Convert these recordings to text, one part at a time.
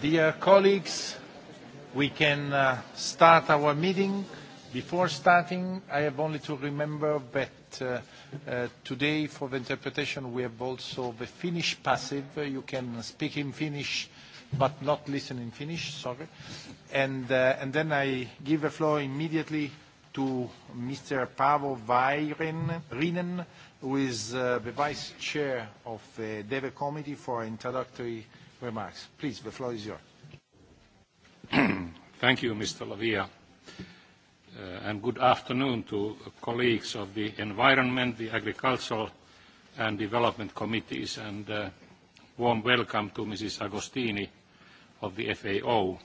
Dear colleagues, we can uh, start our meeting. Before starting, I have only to remember that uh, uh, today for the interpretation we have also the Finnish passive. You can speak in Finnish but not listen in Finnish, sorry. And, then I give the floor immediately to Mr. Paavo Väyrynen, who is the Vice Chair of the DEVE Committee for introductory remarks. Please, the floor is yours. Thank you, Mr. Lavia. Uh, and good afternoon to colleagues of the Environment, the Agricultural and Development Committees, and uh, warm welcome to Mrs. Agostini of the FAO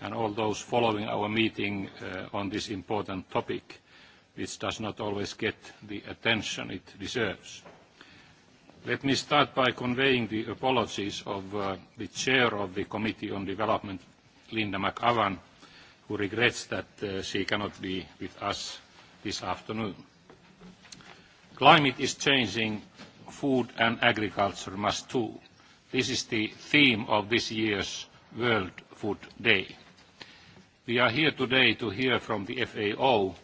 and all those following our meeting uh, on this important topic, which does not always get the attention it deserves. Let me start by conveying the apologies of uh, the Chair of the Committee on Development, Linda McAvan, who regrets that uh, she cannot be with us this afternoon. Climate is changing, food and agriculture must too. This is the theme of this year's World Food Day. We are here today to hear from the FAO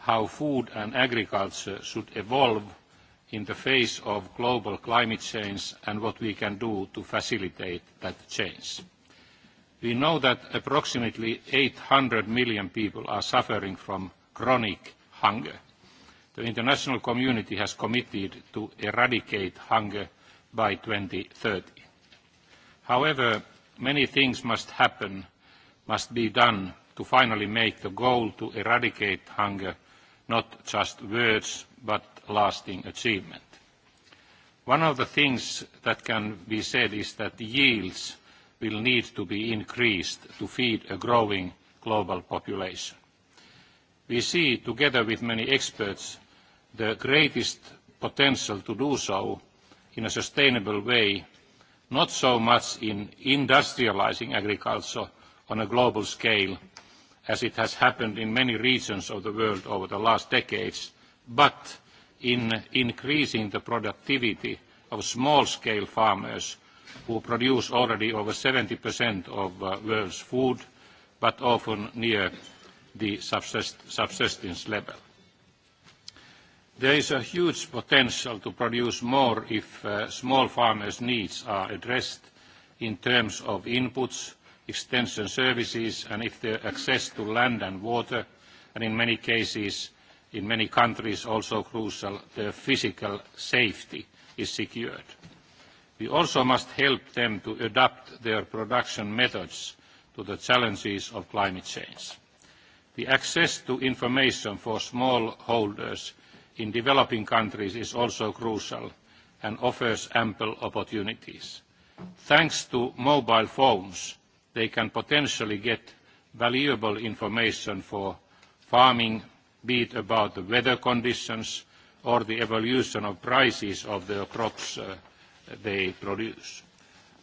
how food and agriculture should evolve in the face of global climate change and what we can do to facilitate that change. We know that approximately 800 million people are suffering from chronic hunger. The international community has committed to eradicate hunger by 2030. However, many things must happen, must be done to finally make the goal to eradicate hunger not just words, but lasting achievement. One of the things that can be said is that yields will need to be increased to feed a growing global population. We see, together with many experts, the greatest potential to do so in a sustainable way, not so much in industrializing agriculture on a global scale, as it has happened in many regions of the world over the last decades, but in increasing the productivity of small-scale farmers who produce already over 70% of uh, world's food, but often near the subsistence level. There is a huge potential to produce more if uh, small farmers' needs are addressed in terms of inputs, extension services and if their access to land and water, and in many cases, in many countries also crucial, their physical safety is secured. We also must help them to adapt their production methods to the challenges of climate change. The access to information for smallholders in developing countries is also crucial and offers ample opportunities. Thanks to mobile phones, they can potentially get valuable information for farming, be it about the weather conditions or the evolution of prices of the crops uh, they produce.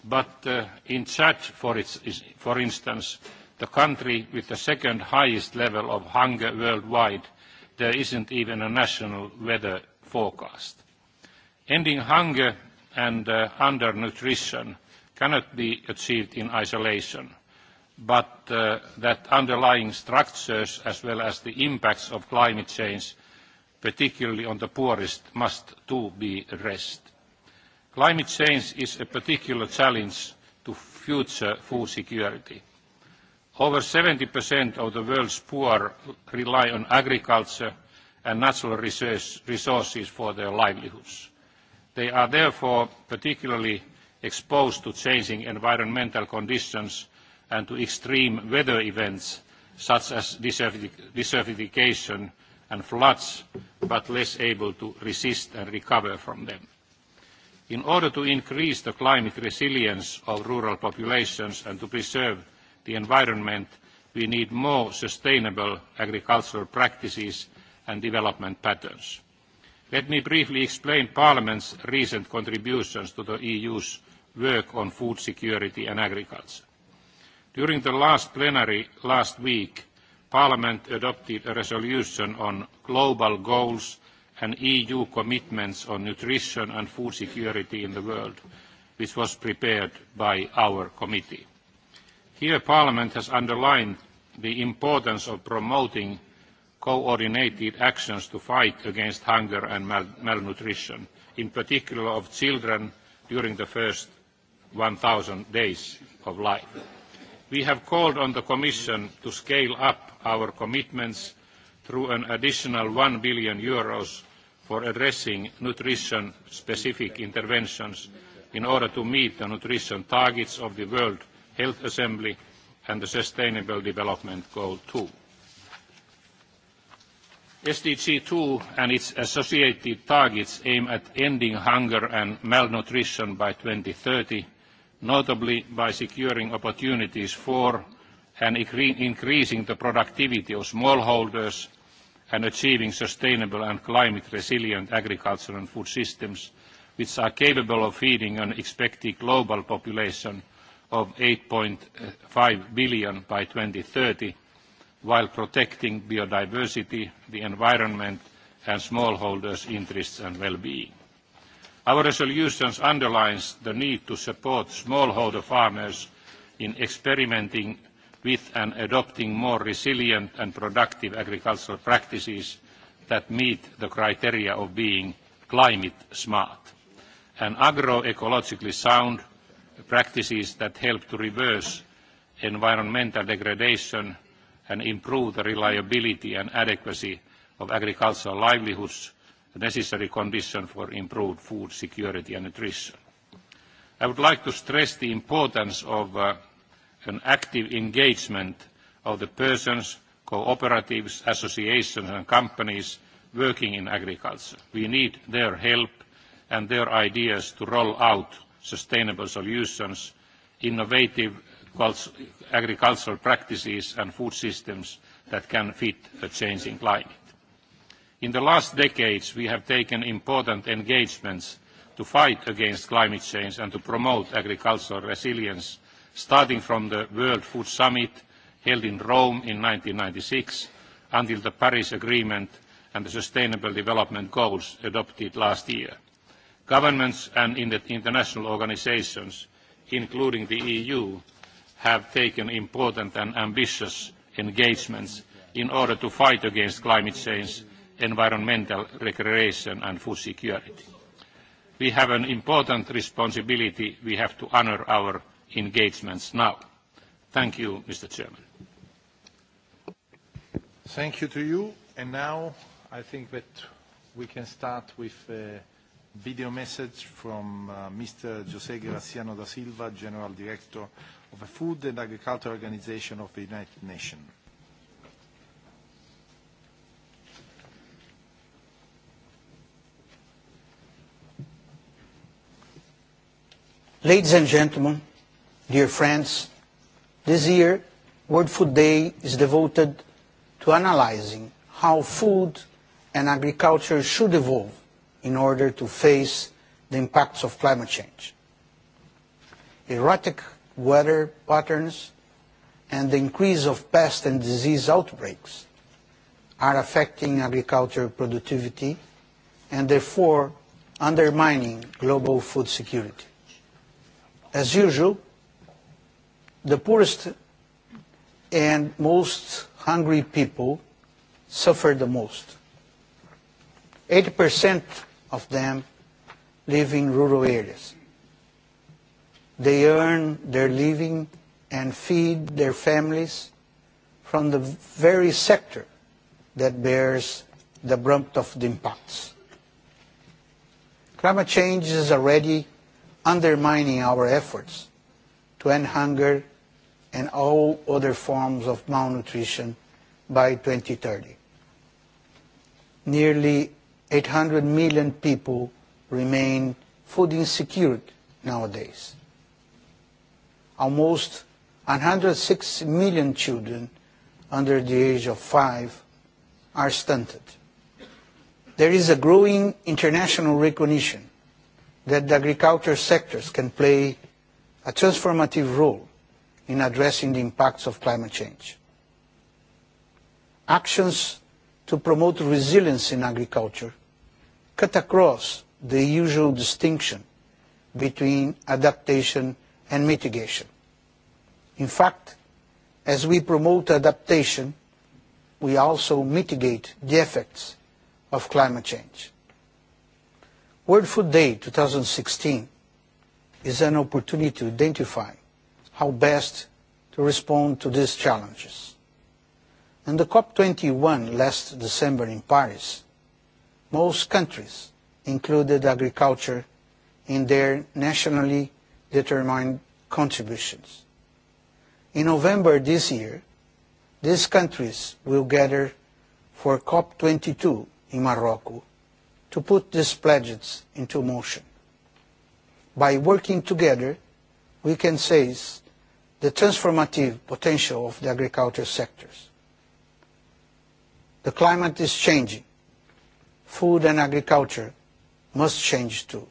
But uh, in Chad, for, its, for instance, the country with the second highest level of hunger worldwide, there isn't even a national weather forecast. Ending hunger and uh, undernutrition cannot be achieved in isolation, but uh, that underlying structures as well as the impacts of climate change, particularly on the poorest, must too be addressed. Climate change is a particular challenge to future food security. Over 70% of the world's poor rely on agriculture and natural resources for their livelihoods. They are therefore particularly exposed to changing environmental conditions and to extreme weather events such as desertification and floods, but less able to resist and recover from them. In order to increase the climate resilience of rural populations and to preserve the environment, we need more sustainable agricultural practices and development patterns. Let me briefly explain Parliament's recent contributions to the EU's work on food security and agriculture. During the last plenary last week, Parliament adopted a resolution on global goals and EU commitments on nutrition and food security in the world, which was prepared by our committee. Here, Parliament has underlined the importance of promoting coordinated actions to fight against hunger and mal malnutrition, in particular of children during the first 1,000 days of life. We have called on the Commission to scale up our commitments through an additional 1 billion euros for addressing nutrition-specific interventions in order to meet the nutrition targets of the World Health Assembly and the Sustainable Development Goal 2. SDG 2 and its associated targets aim at ending hunger and malnutrition by 2030 notably by securing opportunities for and increasing the productivity of smallholders and achieving sustainable and climate-resilient agriculture and food systems, which are capable of feeding an expected global population of 8.5 billion by 2030, while protecting biodiversity, the environment, and smallholders' interests and well-being. Our resolution underlines the need to support smallholder farmers in experimenting with and adopting more resilient and productive agricultural practices that meet the criteria of being climate smart and agroecologically sound practices that help to reverse environmental degradation and improve the reliability and adequacy of agricultural livelihoods necessary condition for improved food security and nutrition. I would like to stress the importance of uh, an active engagement of the persons, cooperatives, associations and companies working in agriculture. We need their help and their ideas to roll out sustainable solutions, innovative agricultural practices and food systems that can fit a changing climate. In the last decades, we have taken important engagements to fight against climate change and to promote agricultural resilience, starting from the World Food Summit held in Rome in 1996 until the Paris Agreement and the Sustainable Development Goals adopted last year. Governments and international organisations, including the EU, have taken important and ambitious engagements in order to fight against climate change environmental recreation and food security. We have an important responsibility. We have to honour our engagements now. Thank you, Mr. Chairman. Thank you to you. And now I think that we can start with a video message from uh, Mr. José Graciano da Silva, General Director of the Food and Agriculture Organization of the United Nations. Ladies and gentlemen, dear friends, this year World Food Day is devoted to analyzing how food and agriculture should evolve in order to face the impacts of climate change. Erratic weather patterns and the increase of pest and disease outbreaks are affecting agricultural productivity and therefore undermining global food security. As usual, the poorest and most hungry people suffer the most. 80% of them live in rural areas. They earn their living and feed their families from the very sector that bears the brunt of the impacts. Climate change is already undermining our efforts to end hunger and all other forms of malnutrition by 2030. Nearly 800 million people remain food insecure nowadays. Almost 106 million children under the age of five are stunted. There is a growing international recognition that the agriculture sectors can play a transformative role in addressing the impacts of climate change. Actions to promote resilience in agriculture cut across the usual distinction between adaptation and mitigation. In fact, as we promote adaptation, we also mitigate the effects of climate change. World Food Day 2016 is an opportunity to identify how best to respond to these challenges. In the COP21 last December in Paris, most countries included agriculture in their nationally determined contributions. In November this year, these countries will gather for COP22 in Morocco to put these pledges into motion. By working together, we can seize the transformative potential of the agricultural sectors. The climate is changing. Food and agriculture must change too.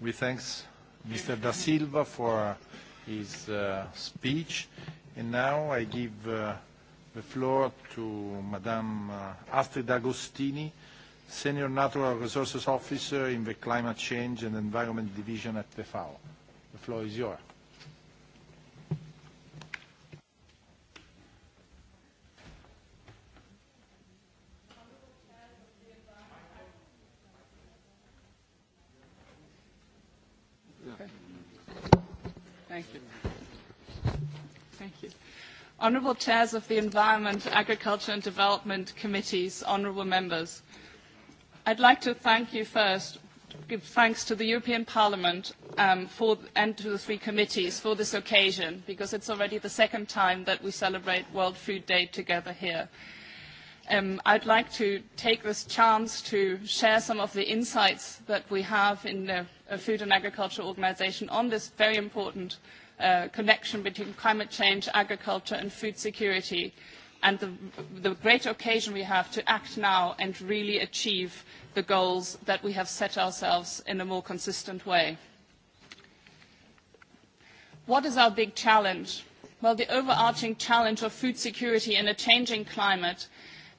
We thanks Mr. Da Silva for his uh, speech. And now I give uh, the floor to Madame uh, Astrid Agostini, Senior Natural Resources Officer in the Climate Change and Environment Division at the FAO. The floor is yours. Thank you. Thank you. Honourable Chairs of the Environment, Agriculture and Development Committees, Honourable Members, I'd like to thank you first, give thanks to the European Parliament um, for, and to the three committees for this occasion, because it's already the second time that we celebrate World Food Day together here. Um, I'd like to take this chance to share some of the insights that we have in the uh, Food and Agriculture Organization on this very important uh, connection between climate change, agriculture, and food security, and the great occasion we have to act now and really achieve the goals that we have set ourselves in a more consistent way. What is our big challenge? Well, the overarching challenge of food security in a changing climate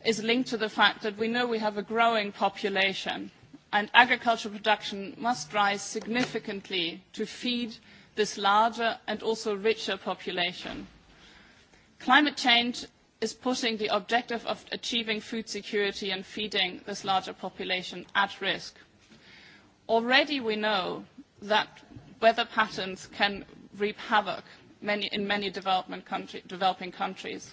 is linked to the fact that we know we have a growing population and agricultural production must rise significantly to feed this larger and also richer population. Climate change is putting the objective of achieving food security and feeding this larger population at risk. Already we know that weather patterns can reap havoc many, in many development country, developing countries.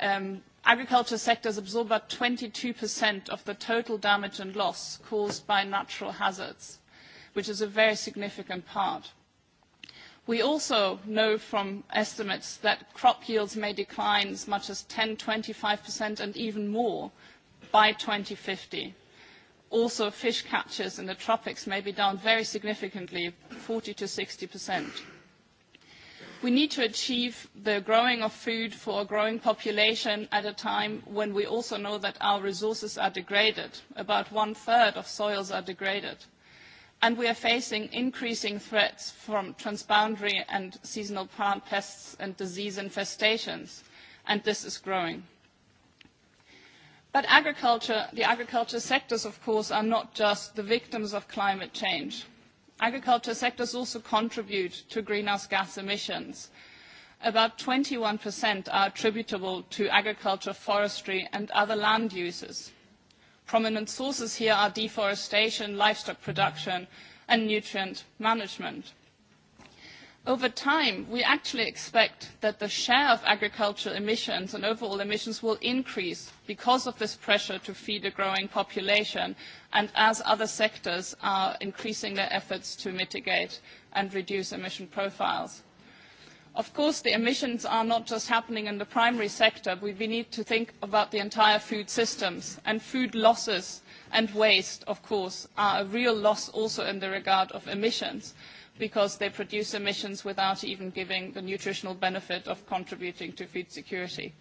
Um, agriculture sectors absorb about 22% of the total damage and loss caused by natural hazards, which is a very significant part. We also know from estimates that crop yields may decline as much as 10, 25% and even more by 2050. Also, fish catches in the tropics may be down very significantly, 40 to 60%. We need to achieve the growing of food for a growing population at a time when we also know that our resources are degraded. About one-third of soils are degraded. And we are facing increasing threats from transboundary and seasonal plant pests and disease infestations, and this is growing. But agriculture, the agriculture sectors, of course, are not just the victims of climate change agriculture sectors also contribute to greenhouse gas emissions. About 21% are attributable to agriculture, forestry and other land uses. Prominent sources here are deforestation, livestock production and nutrient management over time, we actually expect that the share of agricultural emissions and overall emissions will increase because of this pressure to feed a growing population and as other sectors are increasing their efforts to mitigate and reduce emission profiles. Of course, the emissions are not just happening in the primary sector. We need to think about the entire food systems and food losses and waste, of course, are a real loss also in the regard of emissions because they produce emissions without even giving the nutritional benefit of contributing to food security.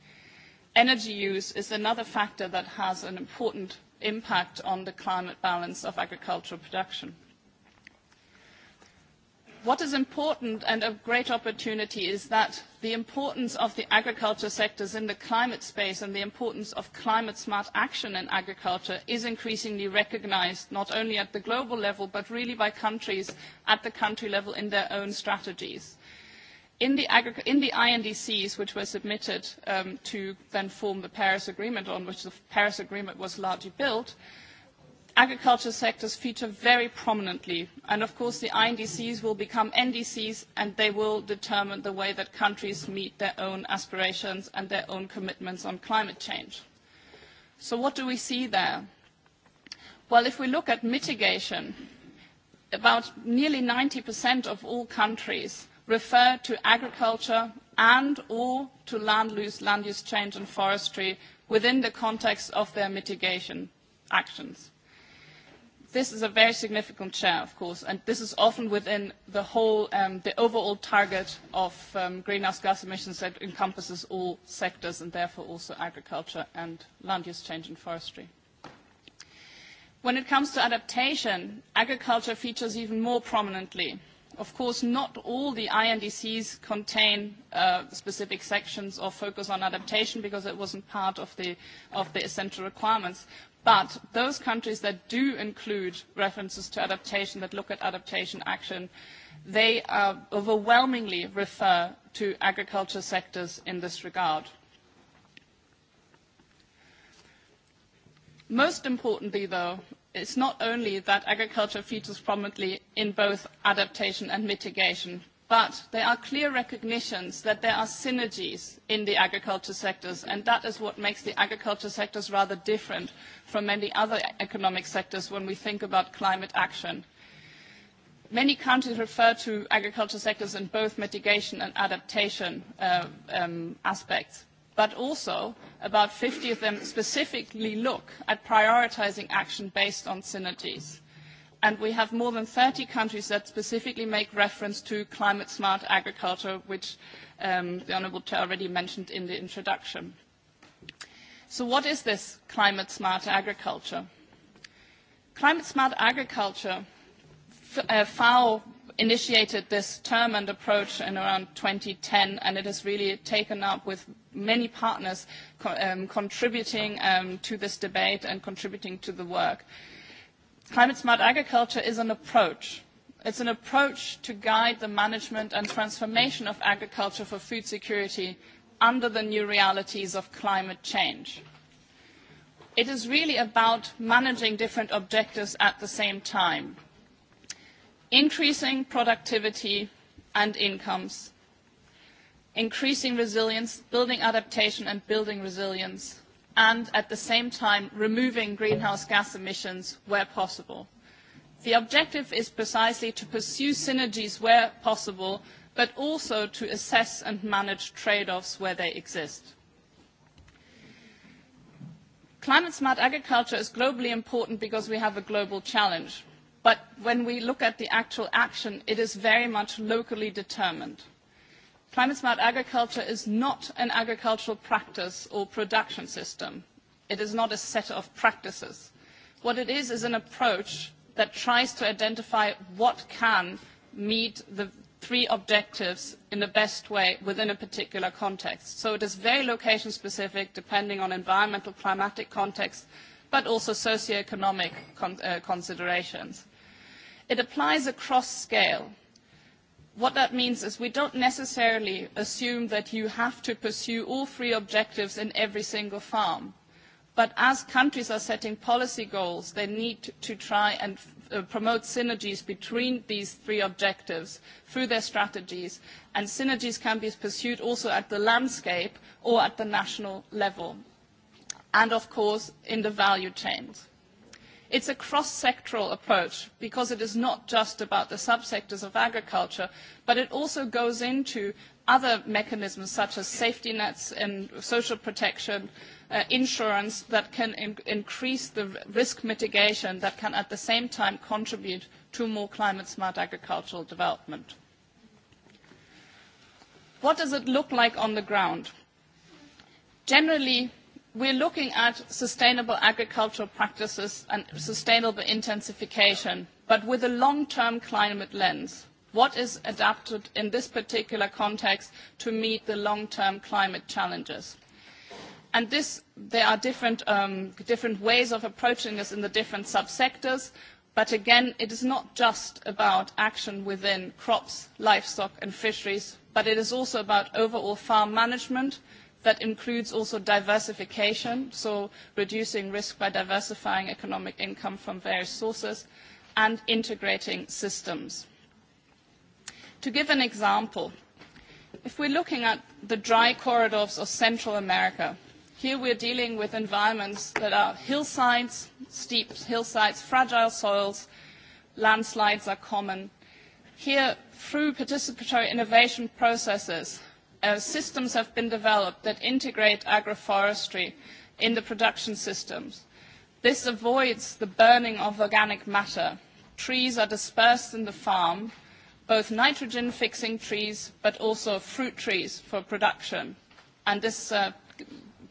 Energy use is another factor that has an important impact on the climate balance of agricultural production what is important and a great opportunity is that the importance of the agriculture sectors in the climate space and the importance of climate smart action in agriculture is increasingly recognised not only at the global level but really by countries at the country level in their own strategies. In the, in the INDCs which were submitted um, to then form the Paris Agreement on which the Paris Agreement was largely built, agriculture sectors feature very prominently. And of course, the INDCs will become NDCs, and they will determine the way that countries meet their own aspirations and their own commitments on climate change. So what do we see there? Well, if we look at mitigation, about nearly 90% of all countries refer to agriculture and or to land use, land use change and forestry within the context of their mitigation actions this is a very significant share, of course, and this is often within the whole, um, the overall target of um, greenhouse gas emissions that encompasses all sectors and therefore also agriculture and land use change and forestry. When it comes to adaptation, agriculture features even more prominently. Of course, not all the INDCs contain uh, specific sections or focus on adaptation because it wasn't part of the essential requirements. But those countries that do include references to adaptation, that look at adaptation action, they uh, overwhelmingly refer to agriculture sectors in this regard. Most importantly, though, it's not only that agriculture features prominently in both adaptation and mitigation, but there are clear recognitions that there are synergies in the agriculture sectors, and that is what makes the agriculture sectors rather different from many other economic sectors when we think about climate action. Many countries refer to agriculture sectors in both mitigation and adaptation uh, um, aspects, but also about 50 of them specifically look at prioritizing action based on synergies and we have more than 30 countries that specifically make reference to climate smart agriculture, which um, the Honourable Chair already mentioned in the introduction. So what is this climate smart agriculture? Climate smart agriculture, uh, FAO initiated this term and approach in around 2010, and it has really taken up with many partners co um, contributing um, to this debate and contributing to the work. Climate Smart Agriculture is an approach. It's an approach to guide the management and transformation of agriculture for food security under the new realities of climate change. It is really about managing different objectives at the same time, increasing productivity and incomes, increasing resilience, building adaptation and building resilience, and at the same time removing greenhouse gas emissions where possible. The objective is precisely to pursue synergies where possible, but also to assess and manage trade-offs where they exist. Climate smart agriculture is globally important because we have a global challenge. But when we look at the actual action, it is very much locally determined Climate smart agriculture is not an agricultural practice or production system. It is not a set of practices. What it is is an approach that tries to identify what can meet the three objectives in the best way within a particular context. So it is very location specific depending on environmental climatic context, but also socioeconomic con uh, considerations. It applies across scale What that means is we don't necessarily assume that you have to pursue all three objectives in every single farm. But as countries are setting policy goals, they need to, try and uh, promote synergies between these three objectives through their strategies. And synergies can be pursued also at the landscape or at the national level. And of course, in the value chains. It's a cross-sectoral approach because it is not just about the subsectors of agriculture, but it also goes into other mechanisms such as safety nets and social protection, uh, insurance that can in increase the risk mitigation that can at the same time contribute to more climate smart agricultural development. What does it look like on the ground? Generally, we're looking at sustainable agricultural practices and sustainable intensification, but with a long-term climate lens. What is adapted in this particular context to meet the long-term climate challenges? And this, there are different, um, different ways of approaching this in the different subsectors, but again, it is not just about action within crops, livestock and fisheries, but it is also about overall farm management, that includes also diversification, so reducing risk by diversifying economic income from various sources, and integrating systems. To give an example, if we're looking at the dry corridors of Central America, here we're dealing with environments that are hillsides, steep hillsides, fragile soils, landslides are common. Here, through participatory innovation processes, Uh, systems have been developed that integrate agroforestry in the production systems. This avoids the burning of organic matter. Trees are dispersed in the farm, both nitrogen-fixing trees but also fruit trees for production. And this uh,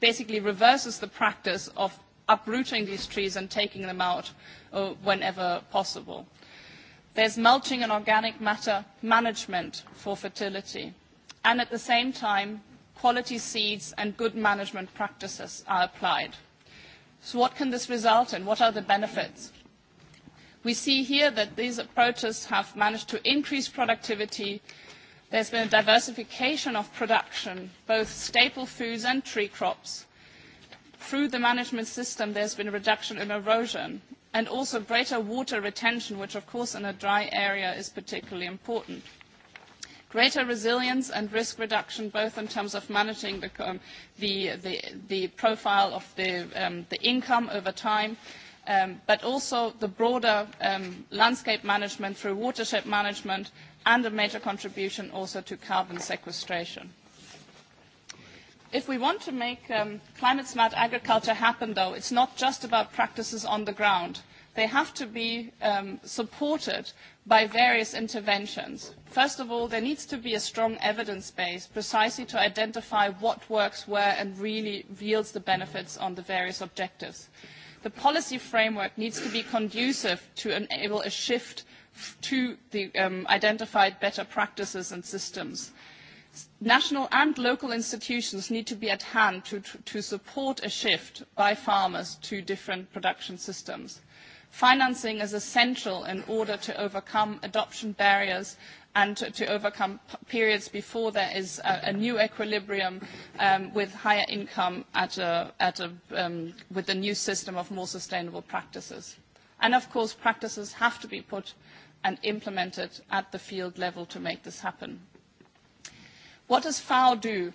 basically reverses the practice of uprooting these trees and taking them out uh, whenever possible. There's mulching and organic matter management for fertility and at the same time, quality seeds and good management practices are applied. So what can this result in? What are the benefits? We see here that these approaches have managed to increase productivity. There's been a diversification of production, both staple foods and tree crops. Through the management system, there's been a reduction in erosion and also greater water retention, which of course in a dry area is particularly important greater resilience and risk reduction, both in terms of managing the, um, profile of um, the, income over time, um, but also the broader landscape management through watershed management and a major contribution also to carbon sequestration. If we want to make climate smart agriculture happen, though, it's not just about practices on the ground. They have to be supported by various interventions. First of all, there needs to be a strong evidence base precisely to identify what works where and really yields the benefits on the various objectives. The policy framework needs to be conducive to enable a shift to the um, identified better practices and systems. National and local institutions need to be at hand to, to, to support a shift by farmers to different production systems financing is essential in order to overcome adoption barriers and to, to overcome periods before there is a, a new equilibrium um, with higher income at a, at a, um, with a new system of more sustainable practices. And of course, practices have to be put and implemented at the field level to make this happen. What does FAO do?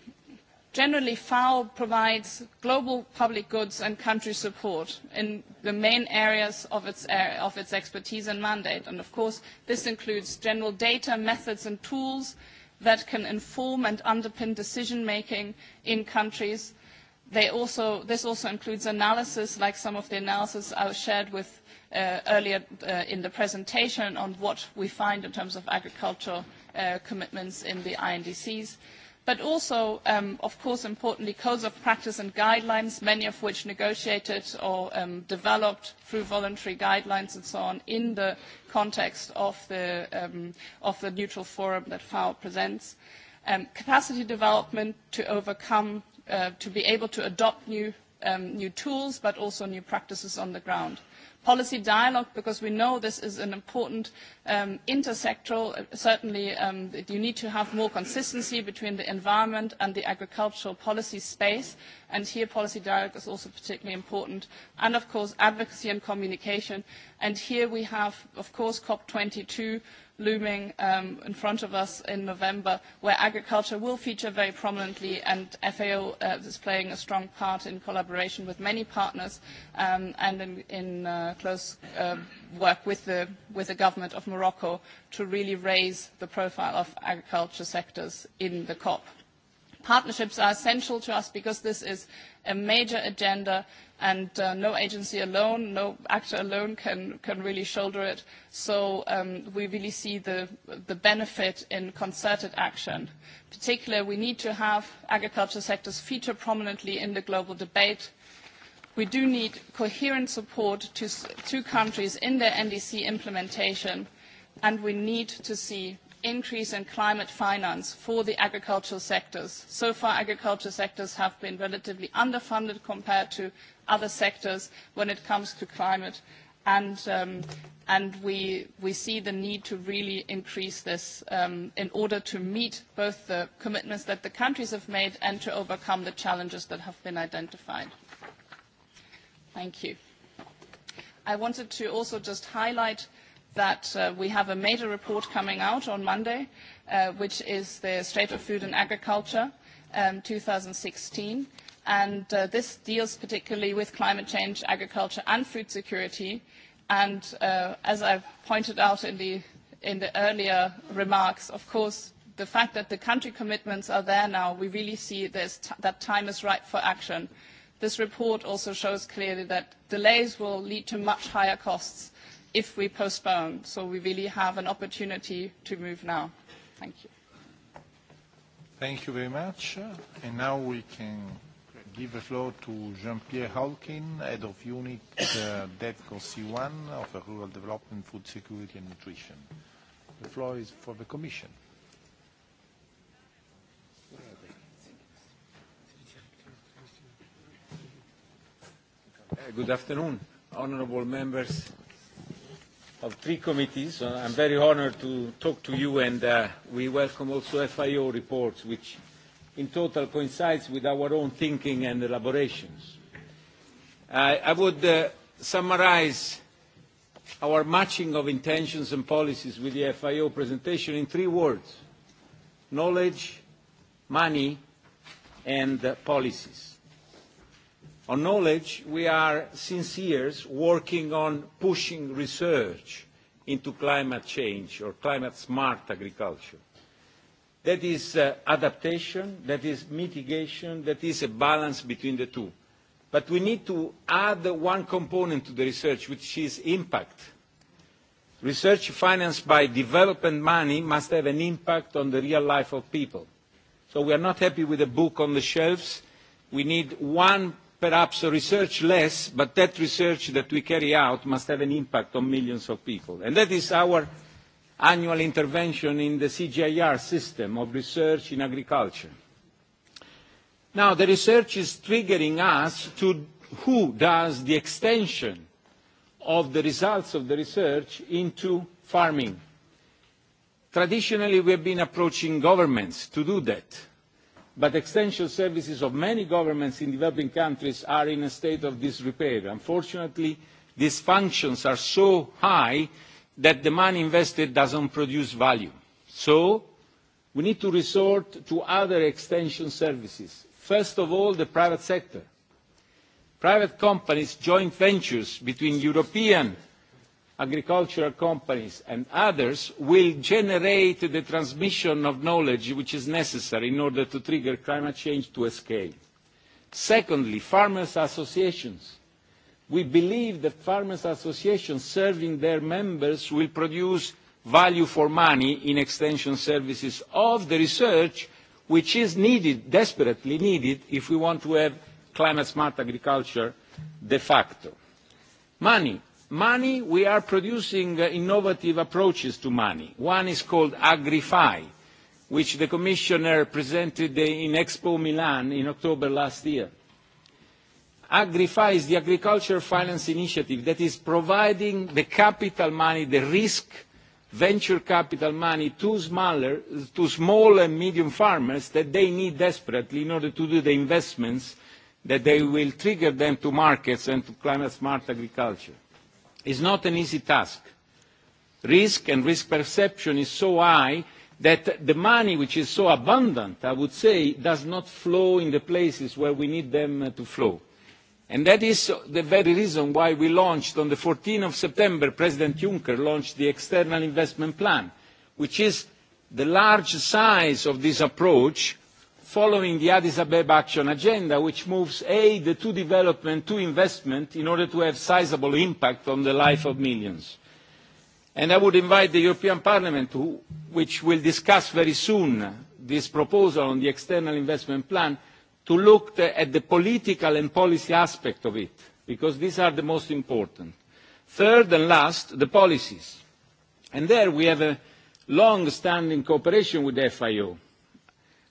Generally, FAO provides global public goods and country support in the main areas of its, area, of its expertise and mandate. And of course, this includes general data, methods and tools that can inform and underpin decision-making in countries. They also, this also includes analysis, like some of the analysis I shared with uh, earlier uh, in the presentation on what we find in terms of agricultural uh, commitments in the INDCs but also, um, of course, importantly, codes of practice and guidelines, many of which negotiated or um, developed through voluntary guidelines and so on in the context of the, um, of the neutral forum that FAO presents. Um, capacity development to overcome, uh, to be able to adopt new, um, new tools, but also new practices on the ground policy dialogue because we know this is an important um, intersectoral. Uh, certainly, um, you need to have more consistency between the environment and the agricultural policy space, and here policy dialogue is also particularly important. And of course, advocacy and communication. And here we have, of course, COP22 looming um, in front of us in November, where agriculture will feature very prominently, and FAO uh, is playing a strong part in collaboration with many partners um, and in, in uh, close uh, work with the, with the government of Morocco to really raise the profile of agriculture sectors in the COP partnerships are essential to us because this is a major agenda and uh, no agency alone, no actor alone can, can really shoulder it. So um, we really see the, the benefit in concerted action. Particularly, we need to have agriculture sectors feature prominently in the global debate. We do need coherent support to, to countries in their NDC implementation, and we need to see increase in climate finance for the agricultural sectors. So far, agricultural sectors have been relatively underfunded compared to other sectors when it comes to climate, and, um, and we, we see the need to really increase this um, in order to meet both the commitments that the countries have made and to overcome the challenges that have been identified. Thank you. I wanted to also just highlight that uh, we have a major report coming out on Monday, uh, which is the State of Food and Agriculture um, 2016. And uh, this deals particularly with climate change, agriculture, and food security. And uh, as I've pointed out in the, in the earlier remarks, of course, the fact that the country commitments are there now, we really see this t- that time is right for action. This report also shows clearly that delays will lead to much higher costs if we postpone. So we really have an opportunity to move now. Thank you. Thank you very much. And now we can give the floor to Jean-Pierre Halkin, Head of Unit uh, DevCo C1 of Rural Development, Food Security and Nutrition. The floor is for the Commission. Good afternoon, honorable members, of three committees. So I'm very honored to talk to you, and uh, we welcome also FIO reports, which in total coincides with our own thinking and elaborations. I, I would uh, summarize our matching of intentions and policies with the FIO presentation in three words: knowledge, money, and uh, policies. On knowledge, we are, since years, working on pushing research into climate change or climate-smart agriculture. That is uh, adaptation, that is mitigation, that is a balance between the two. But we need to add one component to the research, which is impact. Research financed by development money must have an impact on the real life of people. So we are not happy with a book on the shelves. We need one perhaps research less, but that research that we carry out must have an impact on millions of people. And that is our annual intervention in the CGIAR system of research in agriculture. Now, the research is triggering us to who does the extension of the results of the research into farming. Traditionally, we have been approaching governments to do that but extension services of many governments in developing countries are in a state of disrepair. Unfortunately, these functions are so high that the money invested does not produce value. So we need to resort to other extension services. First of all, the private sector. Private companies, joint ventures between European agricultural companies and others will generate the transmission of knowledge which is necessary in order to trigger climate change to a scale. Secondly, farmers' associations. We believe that farmers' associations serving their members will produce value for money in extension services of the research which is needed, desperately needed, if we want to have climate smart agriculture de facto. Money Money, we are producing uh, innovative approaches to money. One is called AgriFi, which the commissioner presented uh, in Expo Milan in October last year. AgriFi is the agriculture finance initiative that is providing the capital money, the risk venture capital money to, smaller, to small and medium farmers that they need desperately in order to do the investments that they will trigger them to markets and to climate smart agriculture is not an easy task. Risk and risk perception is so high that the money, which is so abundant, I would say, does not flow in the places where we need them uh, to flow. And that is the very reason why we launched on the 14th of September, President Juncker launched the External Investment Plan, which is the large size of this approach following the Addis Ababa Action Agenda, which moves aid to development to investment in order to have sizeable impact on the life of millions. I would invite the European Parliament, which will discuss very soon this proposal on the external investment plan, to look at the political and policy aspect of it, because these are the most important. Third and last, the policies. And there we have a long-standing cooperation with the FIO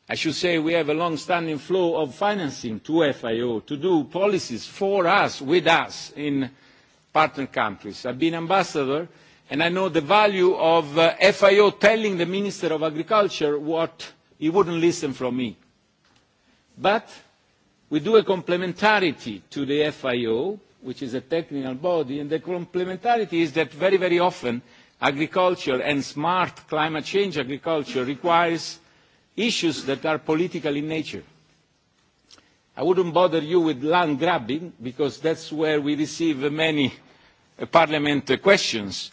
I should say we have a long-standing flow of financing to FIO to do policies for us, with us, in partner countries. I've been ambassador, and I know the value of uh, FIO telling the Minister of Agriculture what he wouldn't listen from me. But we do a complementarity to the FIO, which is a technical body, and the complementarity is that very, very often agriculture and smart climate change agriculture requires issues that are political in nature. I wouldn't bother you with land grabbing, because that's where we receive many uh, parliament uh, questions.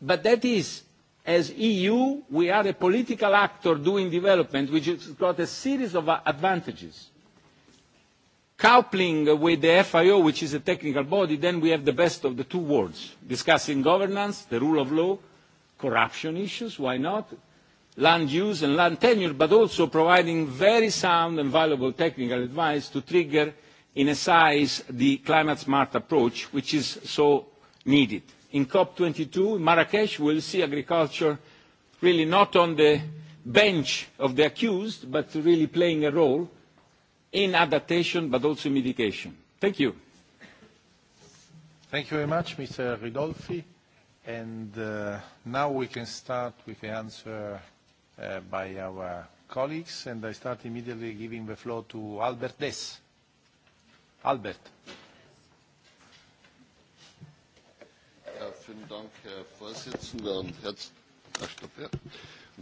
But that is, as EU, we are a political actor doing development, which has got a series of advantages. Coupling with the FIO, which is a technical body, then we have the best of the two worlds, discussing governance, the rule of law, corruption issues, why not, land use and land tenure, but also providing very sound and valuable technical advice to trigger in a size the climate smart approach, which is so needed. In COP22 in Marrakesh, will see agriculture really not on the bench of the accused, but really playing a role in adaptation, but also mitigation. Thank you. Thank you very much, Mr. Ridolfi. And uh, now we can start with the answer Uh, by our colleagues, and I start immediately giving the floor to Albert Dess. Albert. vielen ah,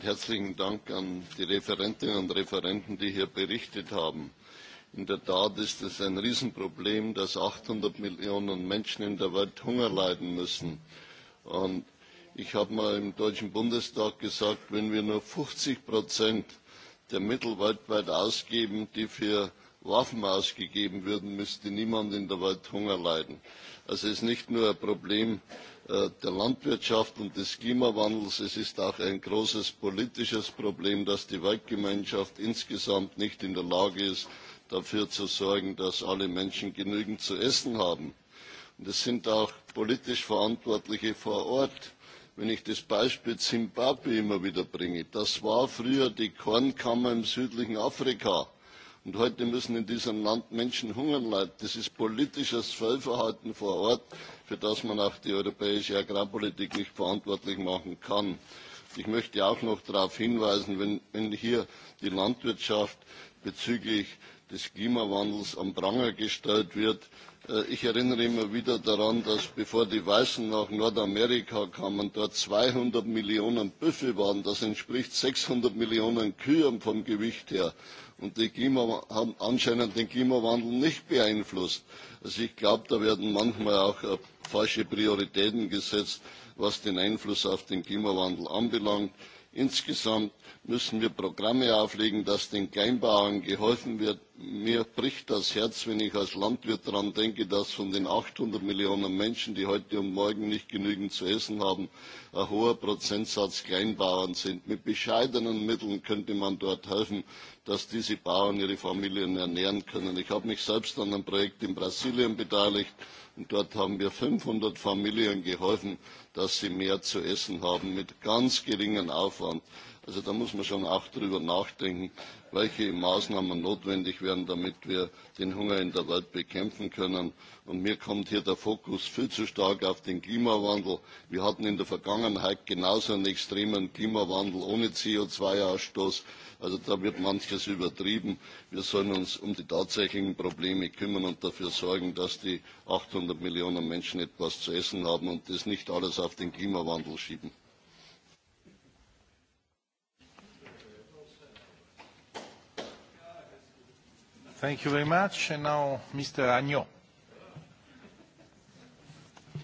herzlichen Dank an die Referentinnen und Referenten, die hier berichtet haben. In der Tat ist es ein Riesenproblem, dass 800 Millionen Menschen in der Welt Hunger leiden müssen. Ich habe mal im Deutschen Bundestag gesagt, wenn wir nur 50 Prozent der Mittel weltweit ausgeben, die für Waffen ausgegeben würden, müsste niemand in der Welt Hunger leiden. Also es ist nicht nur ein Problem äh, der Landwirtschaft und des Klimawandels, es ist auch ein großes politisches Problem, dass die Weltgemeinschaft insgesamt nicht in der Lage ist, dafür zu sorgen, dass alle Menschen genügend zu essen haben. Und es sind auch politisch Verantwortliche vor Ort, Wenn ich das Beispiel Zimbabwe immer wieder bringe, das war früher die Kornkammer im südlichen Afrika. Und heute müssen in diesem Land Menschen hungern leiden. Das ist politisches Fehlverhalten vor Ort, für das man auch die europäische Agrarpolitik nicht verantwortlich machen kann. Ich möchte auch noch darauf hinweisen, wenn, wenn hier die Landwirtschaft bezüglich des Klimawandels am Pranger gestellt wird. Äh, ich erinnere immer wieder daran, dass bevor die Weißen nach Nordamerika kamen, dort 200 Millionen Büffel waren. Das entspricht 600 Millionen Kühen vom Gewicht her. Und die Klima haben anscheinend den Klimawandel nicht beeinflusst. Also ich glaube, da werden manchmal auch äh, falsche Prioritäten gesetzt, was den Einfluss auf den Klimawandel anbelangt. Insgesamt müssen wir Programme auflegen, dass den Kleinbauern geholfen wird. Mir bricht das Herz, wenn ich als Landwirt daran denke, dass von den 800 Millionen Menschen, die heute und morgen nicht genügend zu essen haben, ein hoher Prozentsatz Kleinbauern sind. Mit bescheidenen Mitteln könnte man dort helfen, dass diese Bauern ihre Familien ernähren können. Ich habe mich selbst an einem Projekt in Brasilien beteiligt und dort haben wir 500 Familien geholfen dass sie mehr zu essen haben mit ganz geringem aufwand. Also da muss man schon auch darüber nachdenken, welche Maßnahmen notwendig wären, damit wir den Hunger in der Welt bekämpfen können. Und mir kommt hier der Fokus viel zu stark auf den Klimawandel. Wir hatten in der Vergangenheit genauso einen extremen Klimawandel ohne CO2-Ausstoß. Also da wird manches übertrieben. Wir sollen uns um die tatsächlichen Probleme kümmern und dafür sorgen, dass die 800 Millionen Menschen etwas zu essen haben und das nicht alles auf den Klimawandel schieben. Thank you very much. And now, Mr. Agnew.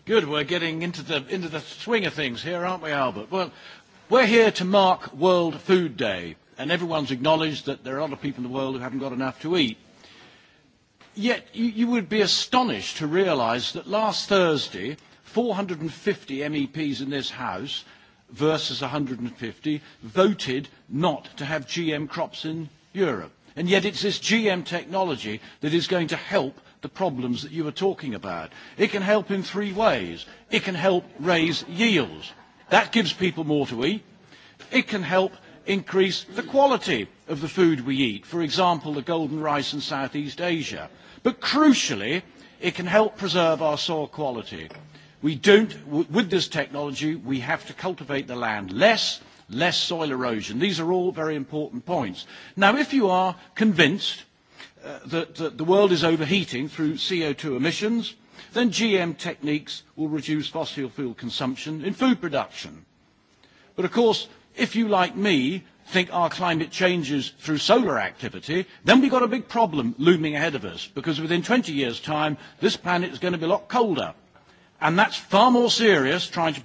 Good. We're getting into the, into the swing of things here, aren't we, Albert? Well, we're here to mark World Food Day, and everyone's acknowledged that there are a lot of people in the world who haven't got enough to eat. Yet you, you would be astonished to realise that last Thursday, 450 MEPs in this House versus 150 voted not to have GM crops in Europe. And yet it's this GM technology that is going to help the problems that you were talking about. It can help in three ways. It can help raise yields. That gives people more to eat. It can help increase the quality of the food we eat, for example, the golden rice in Southeast Asia. But crucially, it can help preserve our soil quality. We don't, with this technology, we have to cultivate the land less less soil erosion. These are all very important points. Now, if you are convinced uh, that, that the world is overheating through CO2 emissions, then GM techniques will reduce fossil fuel consumption in food production. But of course, if you, like me, think our climate changes through solar activity, then we've got a big problem looming ahead of us, because within 20 years' time, this planet is going to be a lot colder. And that's far more serious trying to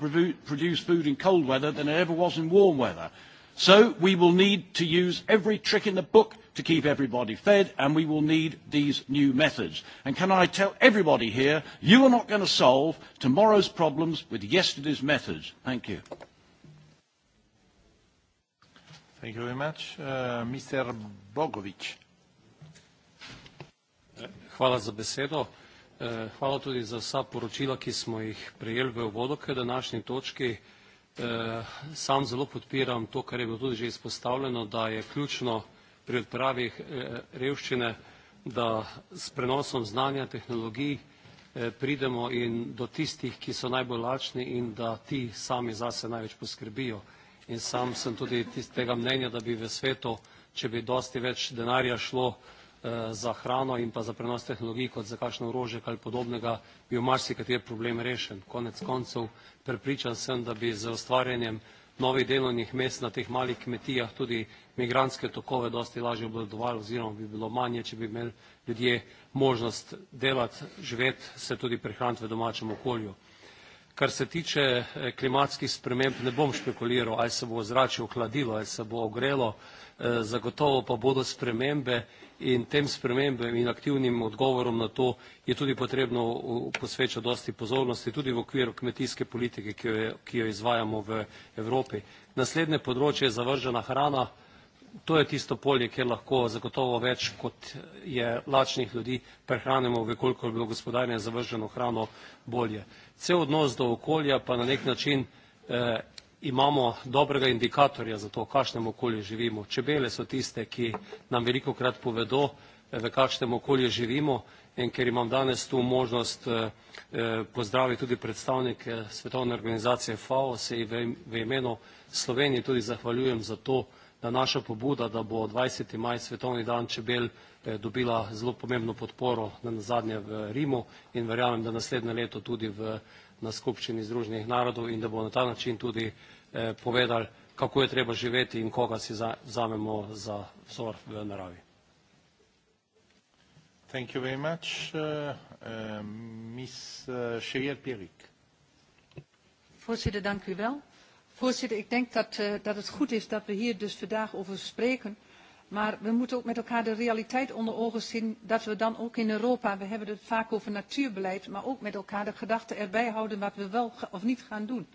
produce food in cold weather than it ever was in warm weather. So we will need to use every trick in the book to keep everybody fed, and we will need these new methods. And can I tell everybody here, you are not going to solve tomorrow's problems with yesterday's methods. Thank you. Thank you very much. Uh, Mr. Bogovic. Hvala za besedo. E, hvala tudi za vsa poročila, ki smo jih prejeli v uvodu k današnji točki. E, sam zelo podpiram to, kar je bilo tudi že izpostavljeno, da je ključno pri odpravi e, revščine, da s prenosom znanja tehnologij pridemo in do tistih, ki so najbolj lačni in da ti sami zase največ poskrbijo. In sam sem tudi tistega mnenja, da bi v svetu, če bi dosti več denarja šlo Eh, za hrano in pa za prenos tehnologij kot za kakšno orožje ali podobnega, bi v marsikateri problem rešen. Konec koncev prepričan sem, da bi z ustvarjanjem novih delovnih mest na teh malih kmetijah tudi migranske tokove dosti lažje obvladovali oziroma bi bilo manje, če bi imeli ljudje možnost delati, živeti, se tudi prehraniti v domačem okolju. Kar se tiče eh, klimatskih sprememb, ne bom špekuliral, ali se bo ozračje ohladilo, ali se bo ogrelo, eh, zagotovo pa bodo spremembe in tem spremembam in aktivnim odgovorom na to je tudi potrebno posvečati dosti pozornosti, tudi v okviru kmetijske politike, ki jo, je, ki jo izvajamo v Evropi. Naslednje področje je zavržena hrana. To je tisto polje, kjer lahko zagotovo več, kot je lačnih ljudi, prehranimo, vekoliko bi bilo gospodarjenje zavrženo hrano bolje. Cel odnos do okolja pa na nek način eh, imamo dobrega indikatorja za to, v kakšnem okolju živimo. Čebele so tiste, ki nam veliko krat povedo, eh, v kakšnem okolju živimo in ker imam danes tu možnost eh, eh pozdraviti tudi predstavnike Svetovne organizacije FAO, se ji v, v imenu Slovenije tudi zahvaljujem za to da naša pobuda, da bo 20. maj svetovni dan čebel eh, dobila zelo pomembno podporo na nazadnje v Rimu in verjamem, da naslednje leto tudi v, na skupščini Združenih narodov in da bo na ta način tudi eh, povedali, kako je treba živeti in koga si za, vzamemo za vzor v naravi. Thank you very much. Uh, eh, uh, eh, Ms. Scheer-Pierik. Voorzitter, dank u wel. Voorzitter, ik denk dat, uh, dat het goed is dat we hier dus vandaag over spreken. Maar we moeten ook met elkaar de realiteit onder ogen zien dat we dan ook in Europa, we hebben het vaak over natuurbeleid, maar ook met elkaar de gedachte erbij houden wat we wel of niet gaan doen.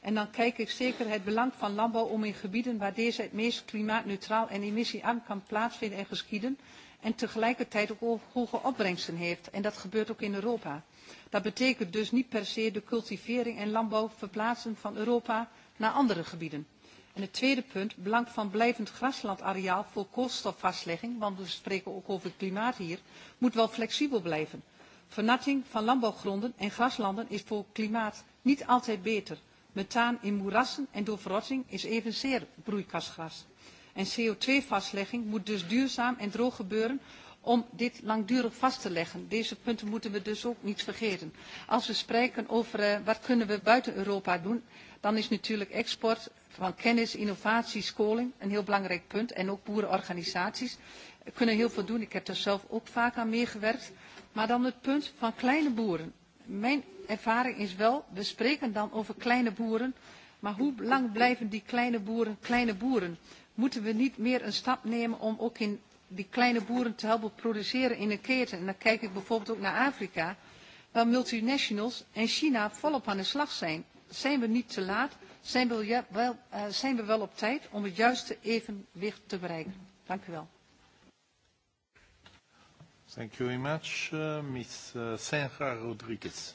En dan kijk ik zeker het belang van landbouw om in gebieden waar deze het meest klimaatneutraal en emissiearm kan plaatsvinden en geschieden. En tegelijkertijd ook hoge opbrengsten heeft. En dat gebeurt ook in Europa. Dat betekent dus niet per se de cultivering en landbouw verplaatsen van Europa naar andere gebieden. En het tweede punt, belang van blijvend graslandareaal voor koolstofvastlegging, want we spreken ook over het klimaat hier, moet wel flexibel blijven. Vernatting van landbouwgronden en graslanden is voor het klimaat niet altijd beter. Methaan in moerassen en door verrotting is evenzeer broeikasgras. En CO2-vastlegging moet dus duurzaam en droog gebeuren om dit langdurig vast te leggen. Deze punten moeten we dus ook niet vergeten. Als we spreken over uh, wat kunnen we buiten Europa doen, Dan is natuurlijk export van kennis, innovatie, scholing een heel belangrijk punt. En ook boerenorganisaties kunnen heel veel doen. Ik heb daar er zelf ook vaak aan meegewerkt. Maar dan het punt van kleine boeren. Mijn ervaring is wel, we spreken dan over kleine boeren. Maar hoe lang blijven die kleine boeren kleine boeren? Moeten we niet meer een stap nemen om ook in die kleine boeren te helpen produceren in een keten? En dan kijk ik bijvoorbeeld ook naar Afrika, waar multinationals en China volop aan de slag zijn zijn we niet te laat, zijn we wel, uh, zijn we wel op tijd om het juiste evenwicht te bereiken. Dank u wel. Thank you very much, uh, Ms. Uh, Senra Rodriguez.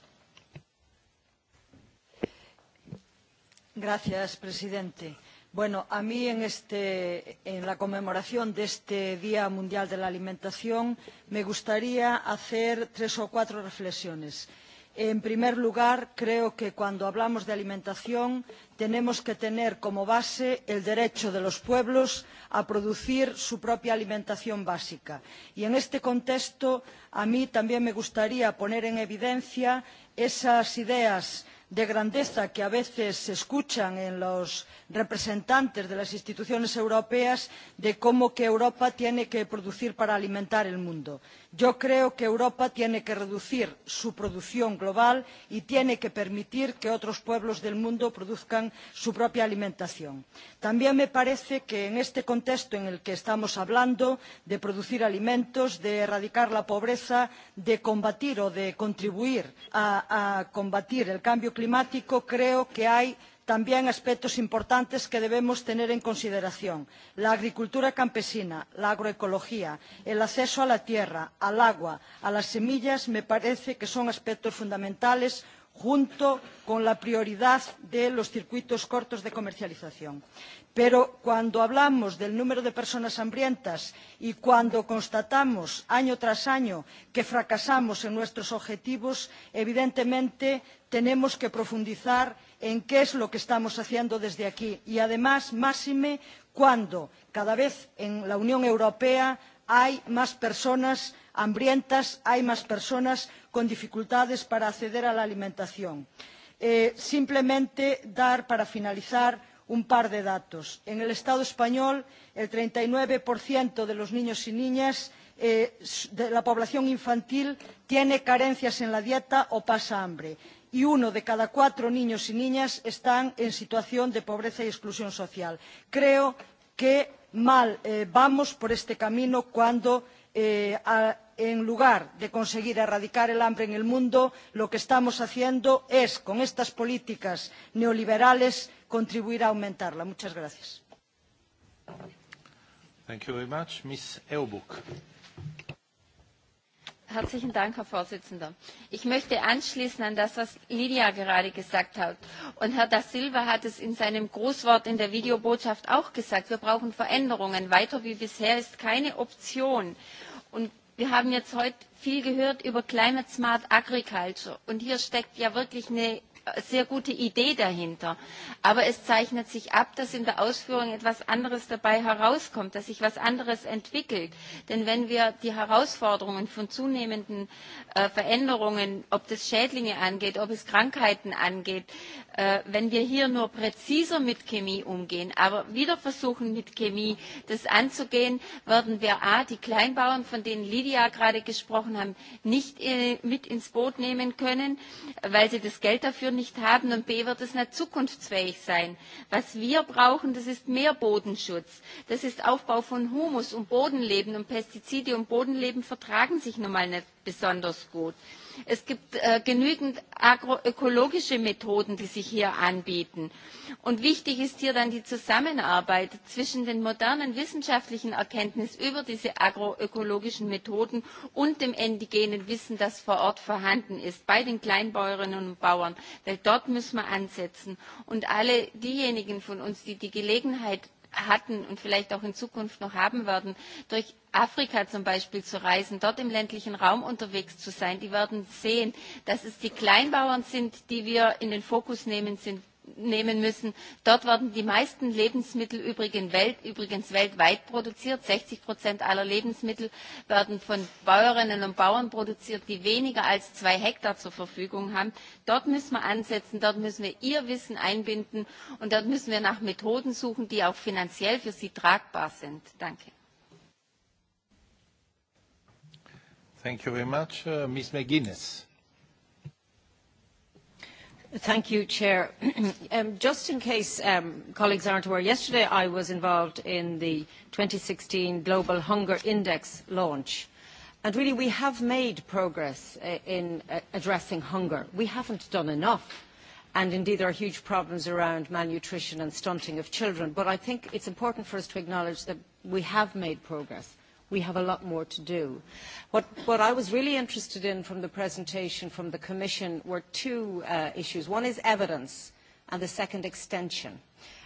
Gracias, presidente. Bueno, a mí en, este, en la conmemoración de este Día Mundial de la Alimentación me gustaría hacer tres o cuatro reflexiones en primer lugar creo que cuando hablamos de alimentación tenemos que tener como base el derecho de los pueblos a producir su propia alimentación básica y en este contexto a mí también me gustaría poner en evidencia esas ideas que de grandeza que a veces se escuchan en los representantes de las instituciones europeas de cómo que europa tiene que producir para alimentar el mundo. yo creo que europa tiene que reducir su producción global y tiene que permitir que otros pueblos del mundo produzcan su propia alimentación. también me parece que en este contexto en el que estamos hablando de producir alimentos de erradicar la pobreza de combatir o de contribuir a, a combatir el cambio climático creo que hay también aspectos importantes que debemos tener en consideración la agricultura campesina la agroecología el acceso a la tierra al agua a las semillas me parece que son aspectos fundamentales junto con la prioridad de los circuitos cortos de comercialización. pero cuando hablamos del número de personas hambrientas y cuando constatamos año tras año que fracasamos en nuestros objetivos evidentemente tenemos que profundizar en qué es lo que estamos haciendo desde aquí y además máxime cuando cada vez en la unión europea hay más personas hambrientas hay más personas con dificultades para acceder a la alimentación. Eh, simplemente dar para finalizar un par de datos en el estado español el treinta y nueve de los niños y niñas eh, de la población infantil tiene carencias en la dieta o pasa hambre y uno de cada cuatro niños y niñas están en situación de pobreza y exclusión social. creo que mal eh, vamos por este camino cuando eh, a, en lugar de conseguir erradicar el hambre en el mundo lo que estamos haciendo es con estas políticas neoliberales contribuir a aumentarla. muchas gracias. Thank you very much. Ms. Herzlichen Dank, Herr Vorsitzender. Ich möchte anschließen an das, was Lydia gerade gesagt hat. Und Herr Da Silva hat es in seinem Großwort in der Videobotschaft auch gesagt. Wir brauchen Veränderungen. Weiter wie bisher ist keine Option. Und wir haben jetzt heute viel gehört über Climate Smart Agriculture. Und hier steckt ja wirklich eine sehr gute Idee dahinter. Aber es zeichnet sich ab, dass in der Ausführung etwas anderes dabei herauskommt, dass sich etwas anderes entwickelt. Denn wenn wir die Herausforderungen von zunehmenden äh, Veränderungen, ob das Schädlinge angeht, ob es Krankheiten angeht, äh, wenn wir hier nur präziser mit Chemie umgehen, aber wieder versuchen mit Chemie das anzugehen, werden wir A, die Kleinbauern, von denen Lydia gerade gesprochen hat, nicht äh, mit ins Boot nehmen können, weil sie das Geld dafür nicht haben und B, wird es nicht zukunftsfähig erfolgreich sein. Was wir brauchen, das ist mehr Bodenschutz. Das ist Aufbau von Humus und Bodenleben. Und Pestizide und Bodenleben vertragen sich nun mal nicht besonders gut. Es gibt äh, genügend agroökologische Methoden, die sich hier anbieten. Und wichtig ist hier dann die Zusammenarbeit zwischen den modernen wissenschaftlichen Erkenntnissen über diese agroökologischen Methoden und dem indigenen Wissen, das vor Ort vorhanden ist, bei den Kleinbäuerinnen und Bauern. Weil dort müssen wir ansetzen. Und alle diejenigen von uns, die die Gelegenheit hatten und vielleicht auch in Zukunft noch haben werden, durch Afrika zum Beispiel zu reisen, dort im ländlichen Raum unterwegs zu sein. Die werden sehen, dass es die Kleinbauern sind, die wir in den Fokus nehmen sind, nehmen müssen. Dort werden die meisten Lebensmittel übrigens welt, übrigens weltweit produziert. 60 Prozent aller Lebensmittel werden von Bäuerinnen und Bauern produziert, die weniger als zwei Hektar zur Verfügung haben. Dort müssen wir ansetzen, dort müssen wir ihr Wissen einbinden und dort müssen wir nach Methoden suchen, die auch finanziell für sie tragbar sind. Danke. Thank you very much. Uh, Ms. McGuinness. Thank you, Chair. um, just in case um, colleagues aren't aware, yesterday I was involved in the 2016 Global Hunger Index launch. And really, we have made progress uh, in uh, addressing hunger. We haven't done enough. And indeed, there are huge problems around malnutrition and stunting of children. But I think it's important for us to acknowledge that we have made progress we have a lot more to do. What, what I was really interested in from the presentation from the Commission were two uh, issues. One is evidence, and the second, extension.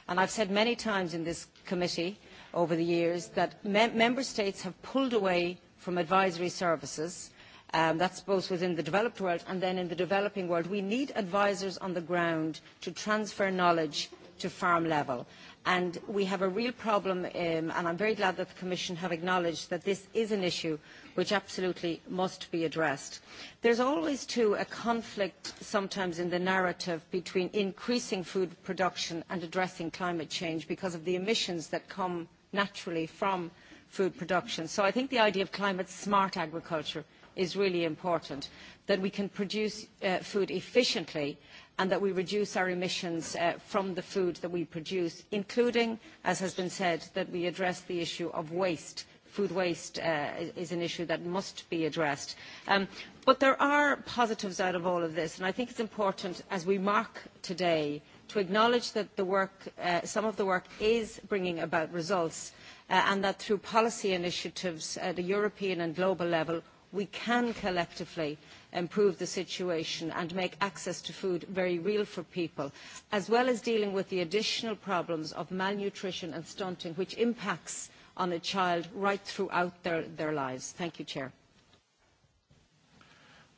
And I've said many times in this committee over the years that me member states have pulled away from advisory services. Um, that's both within the developed world and then in the developing world. We need advisors on the ground to transfer knowledge to farm level. And we have a real problem, um, and I'm very glad that the Commission have acknowledged that this is an issue which absolutely must be addressed. There's always, too, a conflict sometimes in the narrative between increasing food production and addressing climate change because of the emissions that come naturally from food production. So I think the idea of climate smart agriculture is really important, that we can produce uh, food efficiently uh, and that we reduce our emissions uh, from the food that we produce, including, as has been said, that we address the issue of waste. Food waste uh, is an issue that must be addressed. Um, but there are positives out of all of this, and I think it's important as we mark today to acknowledge that the work, uh, some of the work is bringing about results, uh, and that through policy initiatives at a European and global level, we can collectively improve the situation and make access to food very real for people, as well as dealing with the additional problems of malnutrition and stunting, which impacts on a child right throughout their, their lives. Thank you, Chair.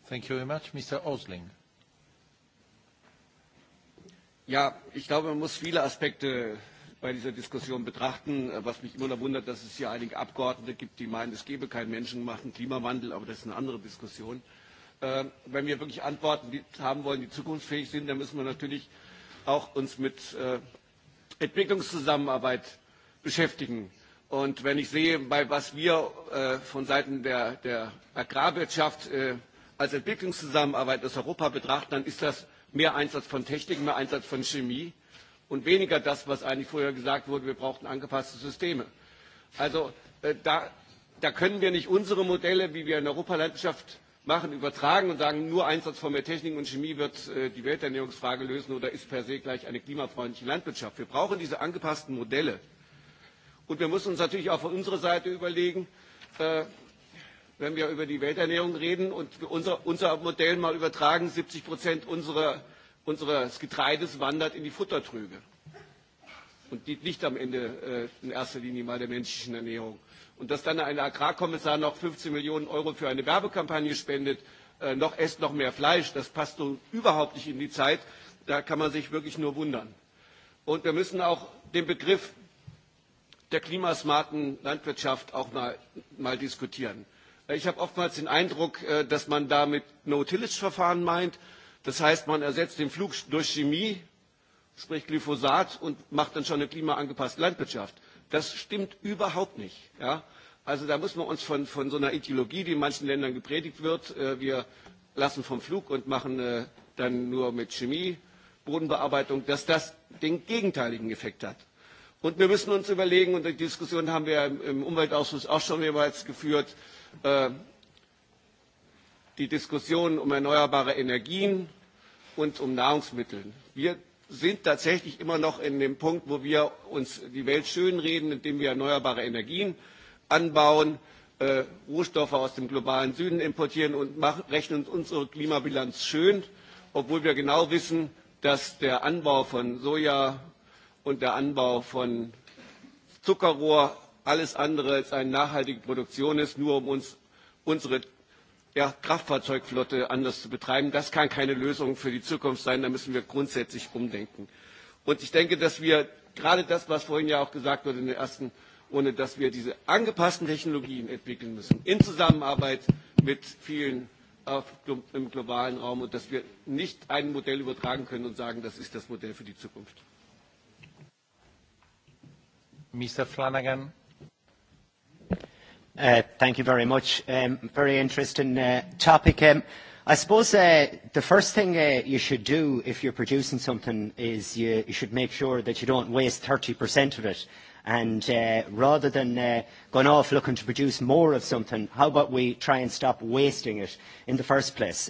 Thank you very much. Mr. Osling. Ja, ich glaube, man muss viele Aspekte bei dieser Diskussion betrachten. Was mich immer noch wundert, dass es hier einige Abgeordnete gibt, die meinen, es gebe keinen menschengemachten Klimawandel, aber das ist eine andere Diskussion. Äh, wenn wir wirklich Antworten haben wollen, die zukunftsfähig sind, dann müssen wir natürlich auch uns mit äh, Entwicklungszusammenarbeit beschäftigen. Und wenn ich sehe, bei was wir äh, von Seiten der, der Agrarwirtschaft äh, als Entwicklungszusammenarbeit aus Europa betrachten, dann ist das mehr Einsatz von Technik, mehr Einsatz von Chemie und weniger das, was eigentlich vorher gesagt wurde, wir brauchen angepasste Systeme. Also äh, da, da können wir nicht unsere Modelle, wie wir in Europa Landwirtschaft machen, übertragen und sagen, nur Einsatz von mehr Technik und Chemie wird äh, die Welternährungsfrage lösen oder ist per se gleich eine klimafreundliche Landwirtschaft. Wir brauchen diese angepassten Modelle. Und wir müssen uns natürlich auch von unserer Seite überlegen, äh, wenn wir über die Welternährung reden und unser, unser Modell mal übertragen, 70 Prozent unserer, unseres Getreides wandert in die Futtertrüge und dient nicht am Ende äh, in erster Linie mal der menschlichen Ernährung und dass dann ein Agrarkommissar noch 15 Millionen Euro für eine Werbekampagne spendet, äh, noch esst noch mehr Fleisch, das passt nun überhaupt nicht in die Zeit. Da kann man sich wirklich nur wundern. Und wir müssen auch den Begriff der klimasmarten Landwirtschaft auch mal, mal diskutieren. Ich habe oftmals den Eindruck, äh, dass man damit No-Tillage-Verfahren meint. Das heißt, man ersetzt den Flug durch Chemie, sprich Glyphosat, und macht dann schon eine klimaangepasste Landwirtschaft. Das stimmt überhaupt nicht. Ja? Also da muss man uns von, von so einer Ideologie, die in manchen Ländern gepredigt wird, äh, wir lassen vom Flug und machen äh, dann nur mit Chemie Bodenbearbeitung, dass das den gegenteiligen Effekt hat. Und wir müssen uns überlegen, und die Diskussion haben wir im, im Umweltausschuss auch schon jeweils geführt, äh, die Diskussion um erneuerbare Energien und um Nahrungsmittel. Wir sind tatsächlich immer noch in dem Punkt, wo wir uns die Welt schönreden, indem wir erneuerbare Energien anbauen, äh, Rohstoffe aus dem globalen Süden importieren und machen, rechnen unsere Klimabilanz schön, obwohl wir genau wissen, dass der Anbau von Soja und der Anbau von Zuckerrohr alles andere als eine nachhaltige Produktion ist, nur um uns unsere ja, Kraftfahrzeugflotte anders zu betreiben. Das kann keine Lösung für die Zukunft sein. Da müssen wir grundsätzlich umdenken. Und ich denke, dass wir gerade das, was vorhin ja auch gesagt wurde in der ersten Runde, dass wir diese angepassten Technologien entwickeln müssen, in Zusammenarbeit mit vielen auf, im globalen Raum und dass wir nicht ein Modell übertragen können und sagen, das ist das Modell für die Zukunft. Mr. Flanagan. Uh, thank you very much. Um, very interesting uh, topic. Um, I suppose uh, the first thing you should do if you're producing something is you, should make sure that you don't waste 30% of it. And rather than going off looking to produce more of something, how about we try and stop wasting it in the first place?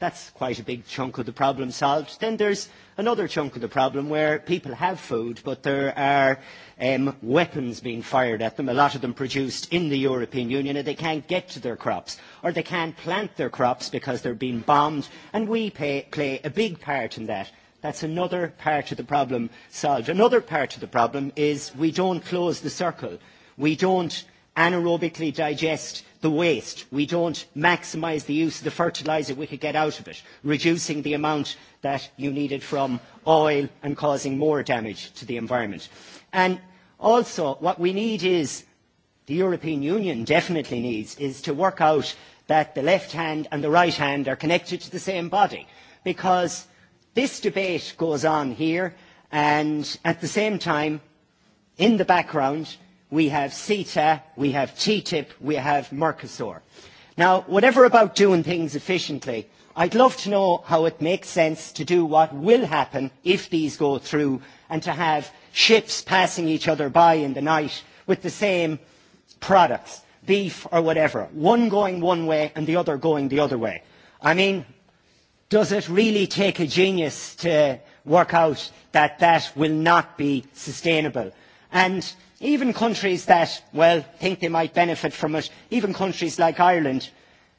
That's quite a big chunk of the problem solved. Then there's another chunk of the problem where people have food, but there are um, weapons being fired at them, a lot of them produced in the European Union, and they can't get to their crops, or they can't plant their crops because they're being bombed, and we pay, play a big part in that. That's another part of the problem solved. Another part of the problem is we don't close the circle. We don't anaerobically digest the waste, we don't maximise the use of the fertiliser we could get out of it, reducing the amount that you needed from oil and causing more damage to the environment. And also, what we need is, the European Union definitely needs, is to work out that the left hand and the right hand are connected to the same body. Because this debate goes on here, and at the same time, in the background, we have CETA, we have TTIP, we have Mercosur. Now, whatever about doing things efficiently, I'd love to know how it makes sense to do what will happen if these go through and to have ships passing each other by in the night with the same products, beef or whatever, one going one way and the other going the other way. I mean, does it really take a genius to work out that that will not be sustainable? And even countries that, well, think they might benefit from it, even countries like Ireland,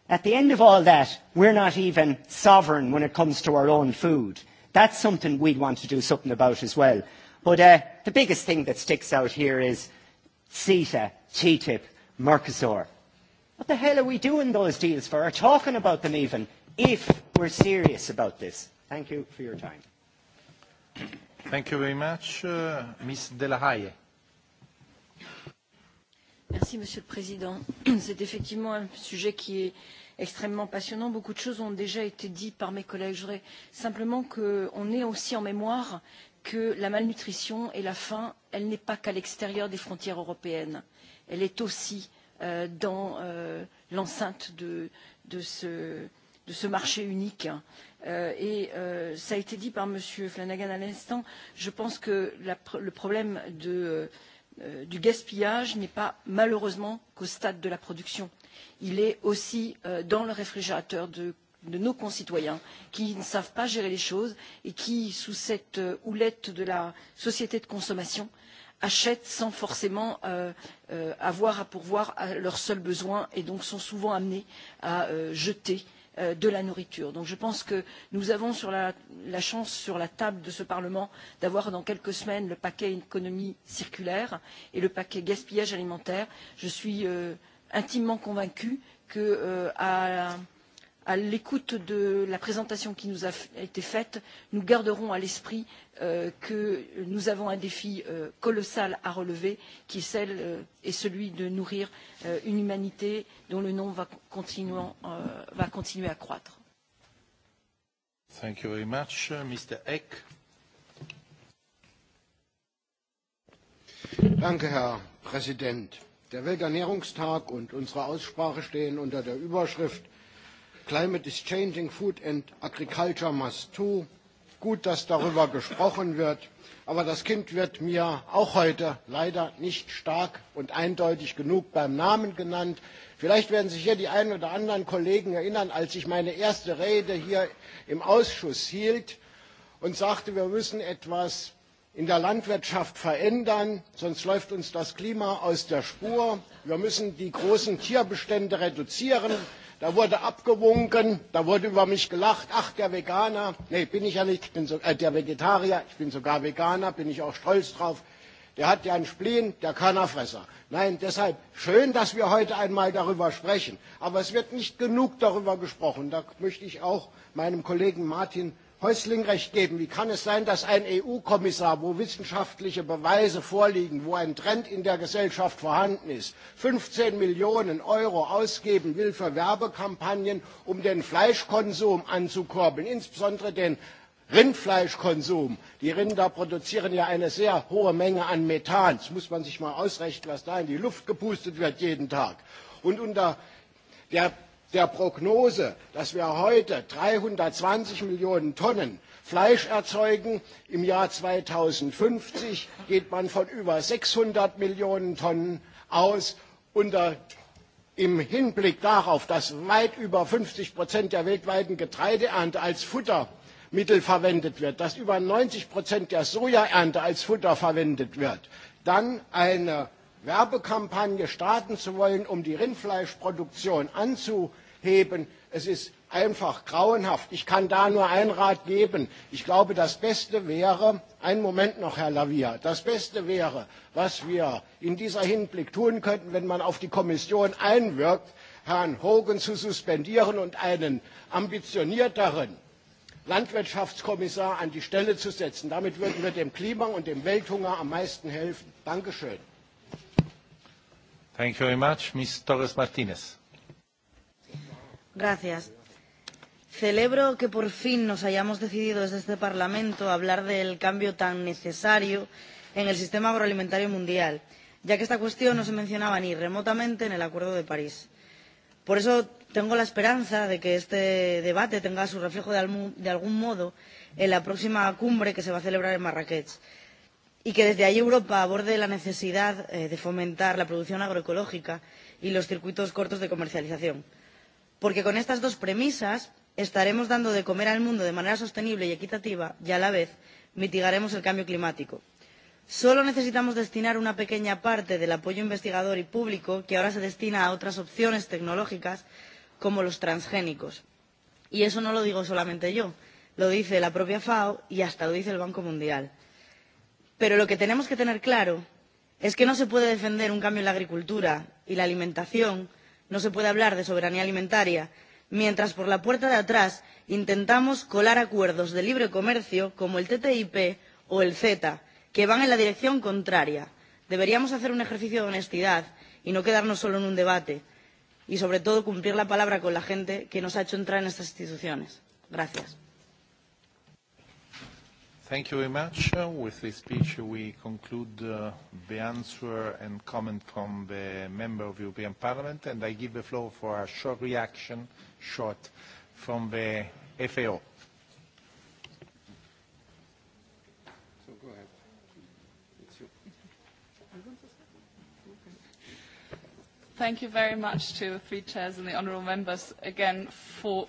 at the end of all that, we're not even sovereign when it comes to our own food. That's something we'd want to do something about as well. But uh, the biggest thing that sticks out here is CETA, TTIP, Mercosur. What the hell are we doing those deals for, or talking about them even, if we're serious about this? Thank you for your time. Thank you very much. Uh, Ms. De La Haye. Monsieur le Président. C'est effectivement un sujet qui est extrêmement passionnant. Beaucoup de choses ont déjà été dites par mes collègues. Je voudrais simplement qu'on ait aussi en mémoire que la malnutrition et la faim, elle n'est pas qu'à l'extérieur des frontières européennes. Elle est aussi euh, dans euh, l'enceinte de, de, ce, de ce marché unique. Euh, et euh, ça a été dit par M. Flanagan à l'instant, je pense que la, le problème de... Euh, Euh, du gaspillage n'est pas malheureusement qu'au stade de la production il est aussi euh, dans le réfrigérateur de, nos concitoyens qui ne savent pas gérer les choses et qui sous cette euh, houlette de la société de consommation achètent sans forcément avoir à pourvoir à leurs seuls besoins et donc sont souvent amenés à jeter Euh, de la nourriture. Donc je pense que nous avons sur la, chance sur la table de ce Parlement d'avoir dans quelques semaines le paquet économie circulaire et le paquet gaspillage alimentaire. Je suis euh, intimement convaincue que euh, à à l'écoute de la présentation qui nous a été faite nous garderons à l'esprit euh, que nous avons un défi euh, colossal à relever qui est euh, celui de nourrir une humanité dont le nombre va continuer à croître. Uh, Danke, Herr Präsident. Der Welternährungstag und unsere Aussprache stehen unter der Überschrift Climate is changing, food and agriculture must too. Gut, dass darüber gesprochen wird. Aber das Kind wird mir auch heute leider nicht stark und eindeutig genug beim Namen genannt. Vielleicht werden sich hier die einen oder anderen Kollegen erinnern, als ich meine erste Rede hier im Ausschuss hielt und sagte, wir müssen etwas in der landwirtschaft verändern sonst läuft uns das klima aus der spur. wir müssen die großen tierbestände reduzieren. da wurde abgewunken da wurde über mich gelacht ach der veganer nee bin ich ja nicht ich bin so, äh, der vegetarier ich bin sogar veganer bin ich auch stolz drauf der hat ja einen Spleen, der Körnerfresser. Nein, deshalb schön, dass wir heute einmal darüber sprechen. Aber es wird nicht genug darüber gesprochen. Da möchte ich auch meinem Kollegen Martin Häusling recht geben. Wie kann es sein, dass ein EU-Kommissar, wo wissenschaftliche Beweise vorliegen, wo ein Trend in der Gesellschaft vorhanden ist, 15 Millionen Euro ausgeben will für Werbekampagnen, um den Fleischkonsum anzukurbeln, insbesondere den Rindfleischkonsum. Die Rinder produzieren ja eine sehr hohe Menge an Methan. Das muss man sich mal ausrechnen, was da in die Luft gepustet wird jeden Tag. Und unter der der Prognose, dass wir heute 320 Millionen Tonnen Fleisch erzeugen, im Jahr 2050 geht man von über 600 Millionen Tonnen aus. Unter, äh, Im Hinblick darauf, dass weit über 50 Prozent der weltweiten Getreideernte als Futtermittel verwendet wird, dass über 90 Prozent der Sojaernte als Futter verwendet wird, dann eine Werbekampagne starten zu wollen, um die Rindfleischproduktion anzuheben. Es ist einfach grauenhaft. Ich kann da nur einen Rat geben. Ich glaube, das Beste wäre, einen Moment noch, Herr Lavia, das Beste wäre, was wir in dieser Hinblick tun könnten, wenn man auf die Kommission einwirkt, Herrn Hogan zu suspendieren und einen ambitionierteren Landwirtschaftskommissar an die Stelle zu setzen. Damit würden wir dem Klima und dem Welthunger am meisten helfen. Dankeschön. Thank you very much. Ms. Torres Martínez. Gracias. Celebro que por fin nos hayamos decidido desde este Parlamento a hablar del cambio tan necesario en el sistema agroalimentario mundial, ya que esta cuestión no se mencionaba ni remotamente en el Acuerdo de París. Por eso tengo la esperanza de que este debate tenga su reflejo de algún modo en la próxima cumbre que se va a celebrar en Marrakech y que desde ahí Europa aborde la necesidad eh, de fomentar la producción agroecológica y los circuitos cortos de comercialización. Porque con estas dos premisas estaremos dando de comer al mundo de manera sostenible y equitativa y a la vez mitigaremos el cambio climático. Solo necesitamos destinar una pequeña parte del apoyo investigador y público que ahora se destina a otras opciones tecnológicas como los transgénicos. Y eso no lo digo solamente yo, lo dice la propia FAO y hasta lo dice el Banco Mundial. Pero lo que tenemos que tener claro es que no se puede defender un cambio en la agricultura y la alimentación, no se puede hablar de soberanía alimentaria, mientras por la puerta de atrás intentamos colar acuerdos de libre comercio como el TTIP o el CETA, que van en la dirección contraria. Deberíamos hacer un ejercicio de honestidad y no quedarnos solo en un debate y sobre todo cumplir la palabra con la gente que nos ha hecho entrar en estas instituciones. Gracias. Thank you very much. Uh, with this speech, we conclude uh, the answer and comment from the member of European Parliament, and I give the floor for a short reaction, short, from the FAO. So go ahead. It's you. Thank you very much to the three chairs and the honorable members again for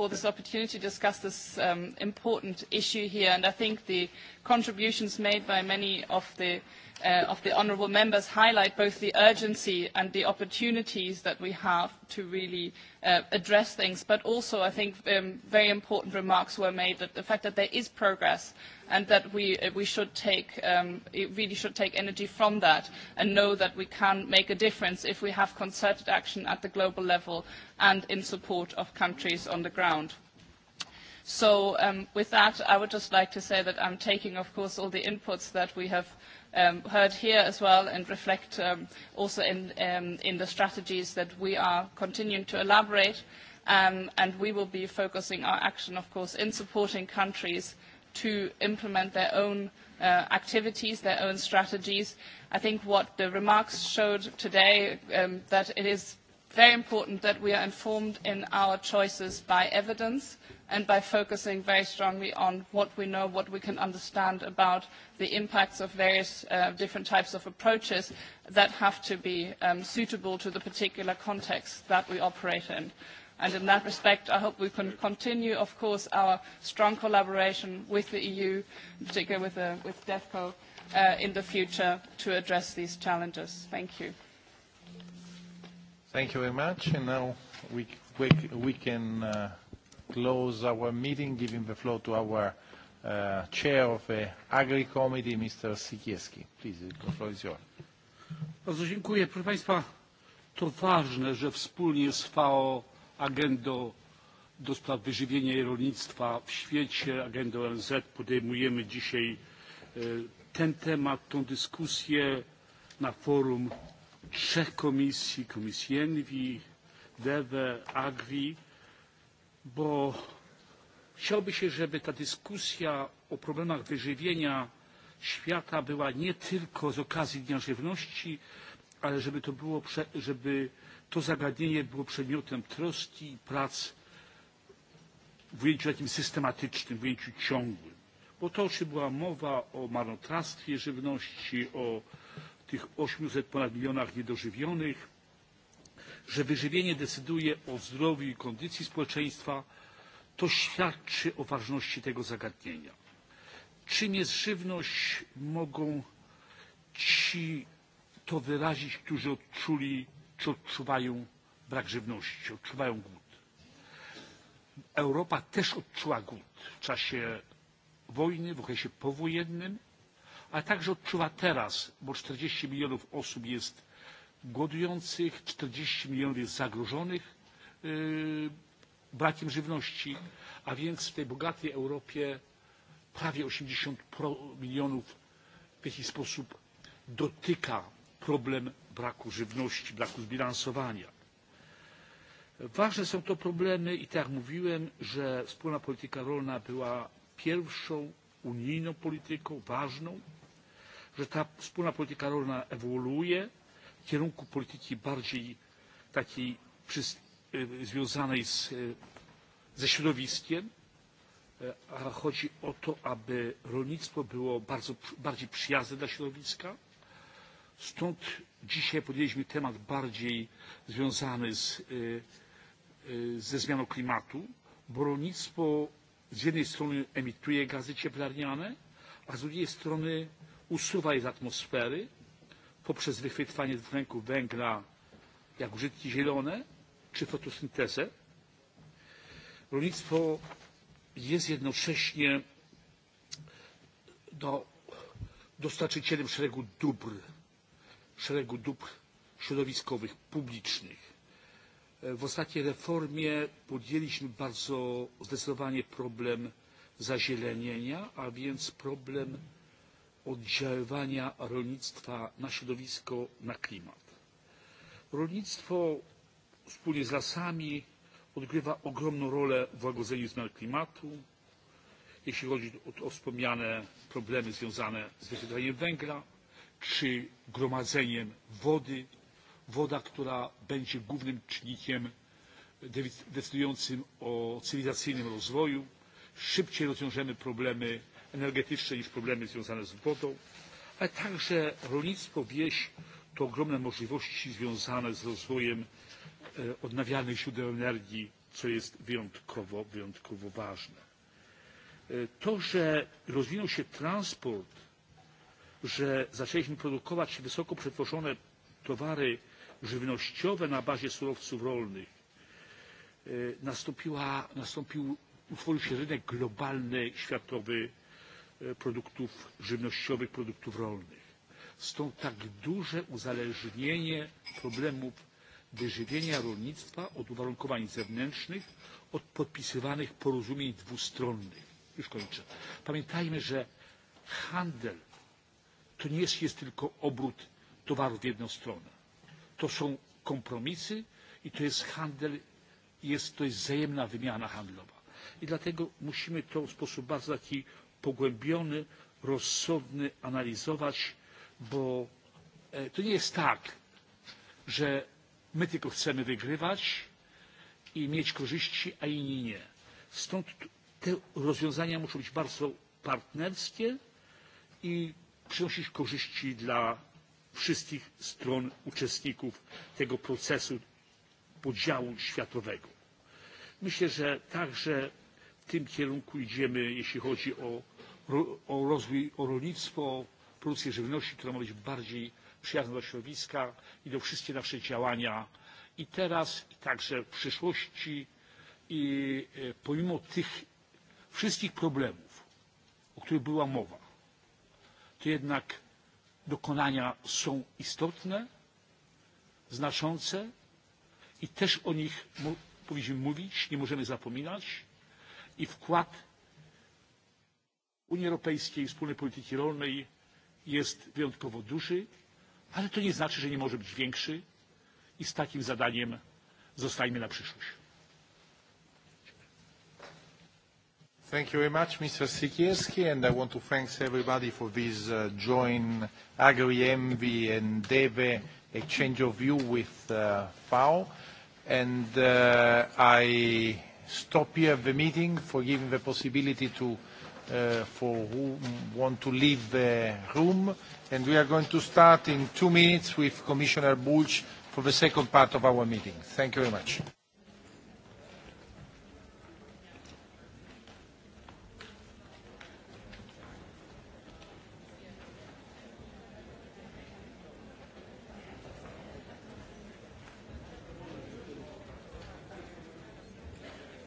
for this opportunity to discuss this um, important issue here. And I think the contributions made by many of the uh, of the honourable members highlight both the urgency and the opportunities that we have to really uh, address things, but also I think um, very important remarks were made that the fact that there is progress and that we, uh, we should take, um, it really should take energy from that and know that we can make a difference if we have concerted action at the global level and in support of countries on the ground. So um, with that, I would just like to say that I'm taking, of course, all the inputs that we have um, heard here as well and reflect um, also in, um, in the strategies that we are continuing to elaborate. Um, and we will be focusing our action, of course, in supporting countries to implement their own uh, activities, their own strategies. I think what the remarks showed today, um, that it is very important that we are informed in our choices by evidence and by focusing very strongly on what we know, what we can understand about the impacts of various uh, different types of approaches that have to be um, suitable to the particular context that we operate in. And in that respect, I hope we can continue, of course, our strong collaboration with the EU, particularly with, the, uh, with DEFCO, uh, in the future to address these challenges. Thank you. Thank you very much. now we, can uh, close our meeting, giving the floor to our uh, chair of the Agri Committee, Mr. Sikierski. Please, the floor is yours. agendą do spraw wyżywienia i rolnictwa w świecie, agendą ONZ podejmujemy dzisiaj e, ten temat, tę dyskusję na forum trzech komisji, Komisji Envi, deve AGRI, bo chciałoby się, żeby ta dyskusja o problemach wyżywienia świata była nie tylko z okazji Dnia Żywności, ale żeby to, było, żeby to zagadnienie było przedmiotem troski i prac w ujęciu takim systematycznym, w ujęciu ciągłym. Bo to, o czym była mowa, o marnotrawstwie żywności, o tych 800 ponad milionach niedożywionych, że wyżywienie decyduje o zdrowiu i kondycji społeczeństwa, to świadczy o ważności tego zagadnienia. Czym jest żywność, mogą ci to wyrazić, którzy odczuli czy odczuwają brak żywności, odczuwają głód. Europa też odczuła głód w czasie wojny, w okresie powojennym ale także odczuwa teraz bo czterdzieści milionów osób jest głodujących czterdzieści milionów jest zagrożonych brakiem żywności a więc w tej bogatej europie prawie osiemdziesiąt milionów w jakiś sposób dotyka problem braku żywności braku zbilansowania. Ważne są to problemy i tak jak mówiłem, że wspólna polityka rolna była pierwszą unijną polityką ważną, że ta wspólna polityka rolna ewoluuje w kierunku polityki bardziej takiej związanej z, ze środowiskiem, e, a chodzi o to, aby rolnictwo było bardzo, bardziej przyjazne dla środowiska. Stąd dzisiaj podjęliśmy temat bardziej związany z, ze zmianą klimatu, bo rolnictwo z jednej strony emituje gazy cieplarniane, a z drugiej strony usuwa je z atmosfery poprzez wychwytywanie dwutlenku węgla jak użytki zielone czy fotosyntezę. Rolnictwo jest jednocześnie do dostarczycielem szeregu dóbr, szeregu dóbr środowiskowych, publicznych. W ostatniej reformie podjęliśmy bardzo zdecydowanie problem zazielenienia, a więc problem oddziaływania rolnictwa na środowisko, na klimat. Rolnictwo wspólnie z lasami odgrywa ogromną rolę w łagodzeniu zmian klimatu, jeśli chodzi o, o wspomniane problemy związane z wysiedleniem węgla czy gromadzeniem wody. Woda, która będzie głównym czynnikiem decydującym o cywilizacyjnym rozwoju. Szybciej rozwiążemy problemy energetyczne niż problemy związane z wodą, ale także rolnictwo, wieś to ogromne możliwości związane z rozwojem e, odnawialnych źródeł energii, co jest wyjątkowo, wyjątkowo ważne. E, to, że rozwinął się transport, że zaczęliśmy produkować wysoko przetworzone towary żywnościowe na bazie surowców rolnych, e, nastąpiła, nastąpił, utworzył się rynek globalny, światowy E, produktów żywnościowych, produktów rolnych. Stąd tak duże uzależnienie problemów wyżywienia rolnictwa od uwarunkowań zewnętrznych, od podpisywanych porozumień dwustronnych. Już kończę. Pamiętajmy, że handel to nie jest, jest tylko obrót towarów w jedną stronę. To są kompromisy i to jest handel, jest, to jest wzajemna wymiana handlowa. I dlatego musimy to w sposób bardzo taki pogłębiony, rozsądny analizować, bo e, to nie jest tak, że my tylko chcemy wygrywać i mieć korzyści, a inni nie. Stąd te rozwiązania muszą być bardzo partnerskie i przynosić korzyści dla wszystkich stron uczestników tego procesu podziału światowego. Myślę, że także w tym kierunku idziemy, jeśli chodzi o o rozwój, o rolnictwo, produkcję żywności, która ma być bardziej przyjazna dla środowiska i do wszystkie nasze działania i teraz, i także w przyszłości. I e, pomimo tych wszystkich problemów, o których była mowa, to jednak dokonania są istotne, znaczące i też o nich powinniśmy mówić, nie możemy zapominać i wkład Unii Europejskiej, wspólnej polityki rolnej jest wyjątkowo duży, ale to nie znaczy, że nie może być większy i z takim zadaniem zostańmy na przyszłość. Thank you very much, Mr. Sikierski, and I want to thank everybody for this uh, joint Agri-Envy and DEVE exchange of view with uh, FAO. And uh, I stop here the meeting for giving the possibility to Uh, for who want to leave the room. And we are going to start in two minutes with Commissioner Bulc for the second part of our meeting. Thank you very much.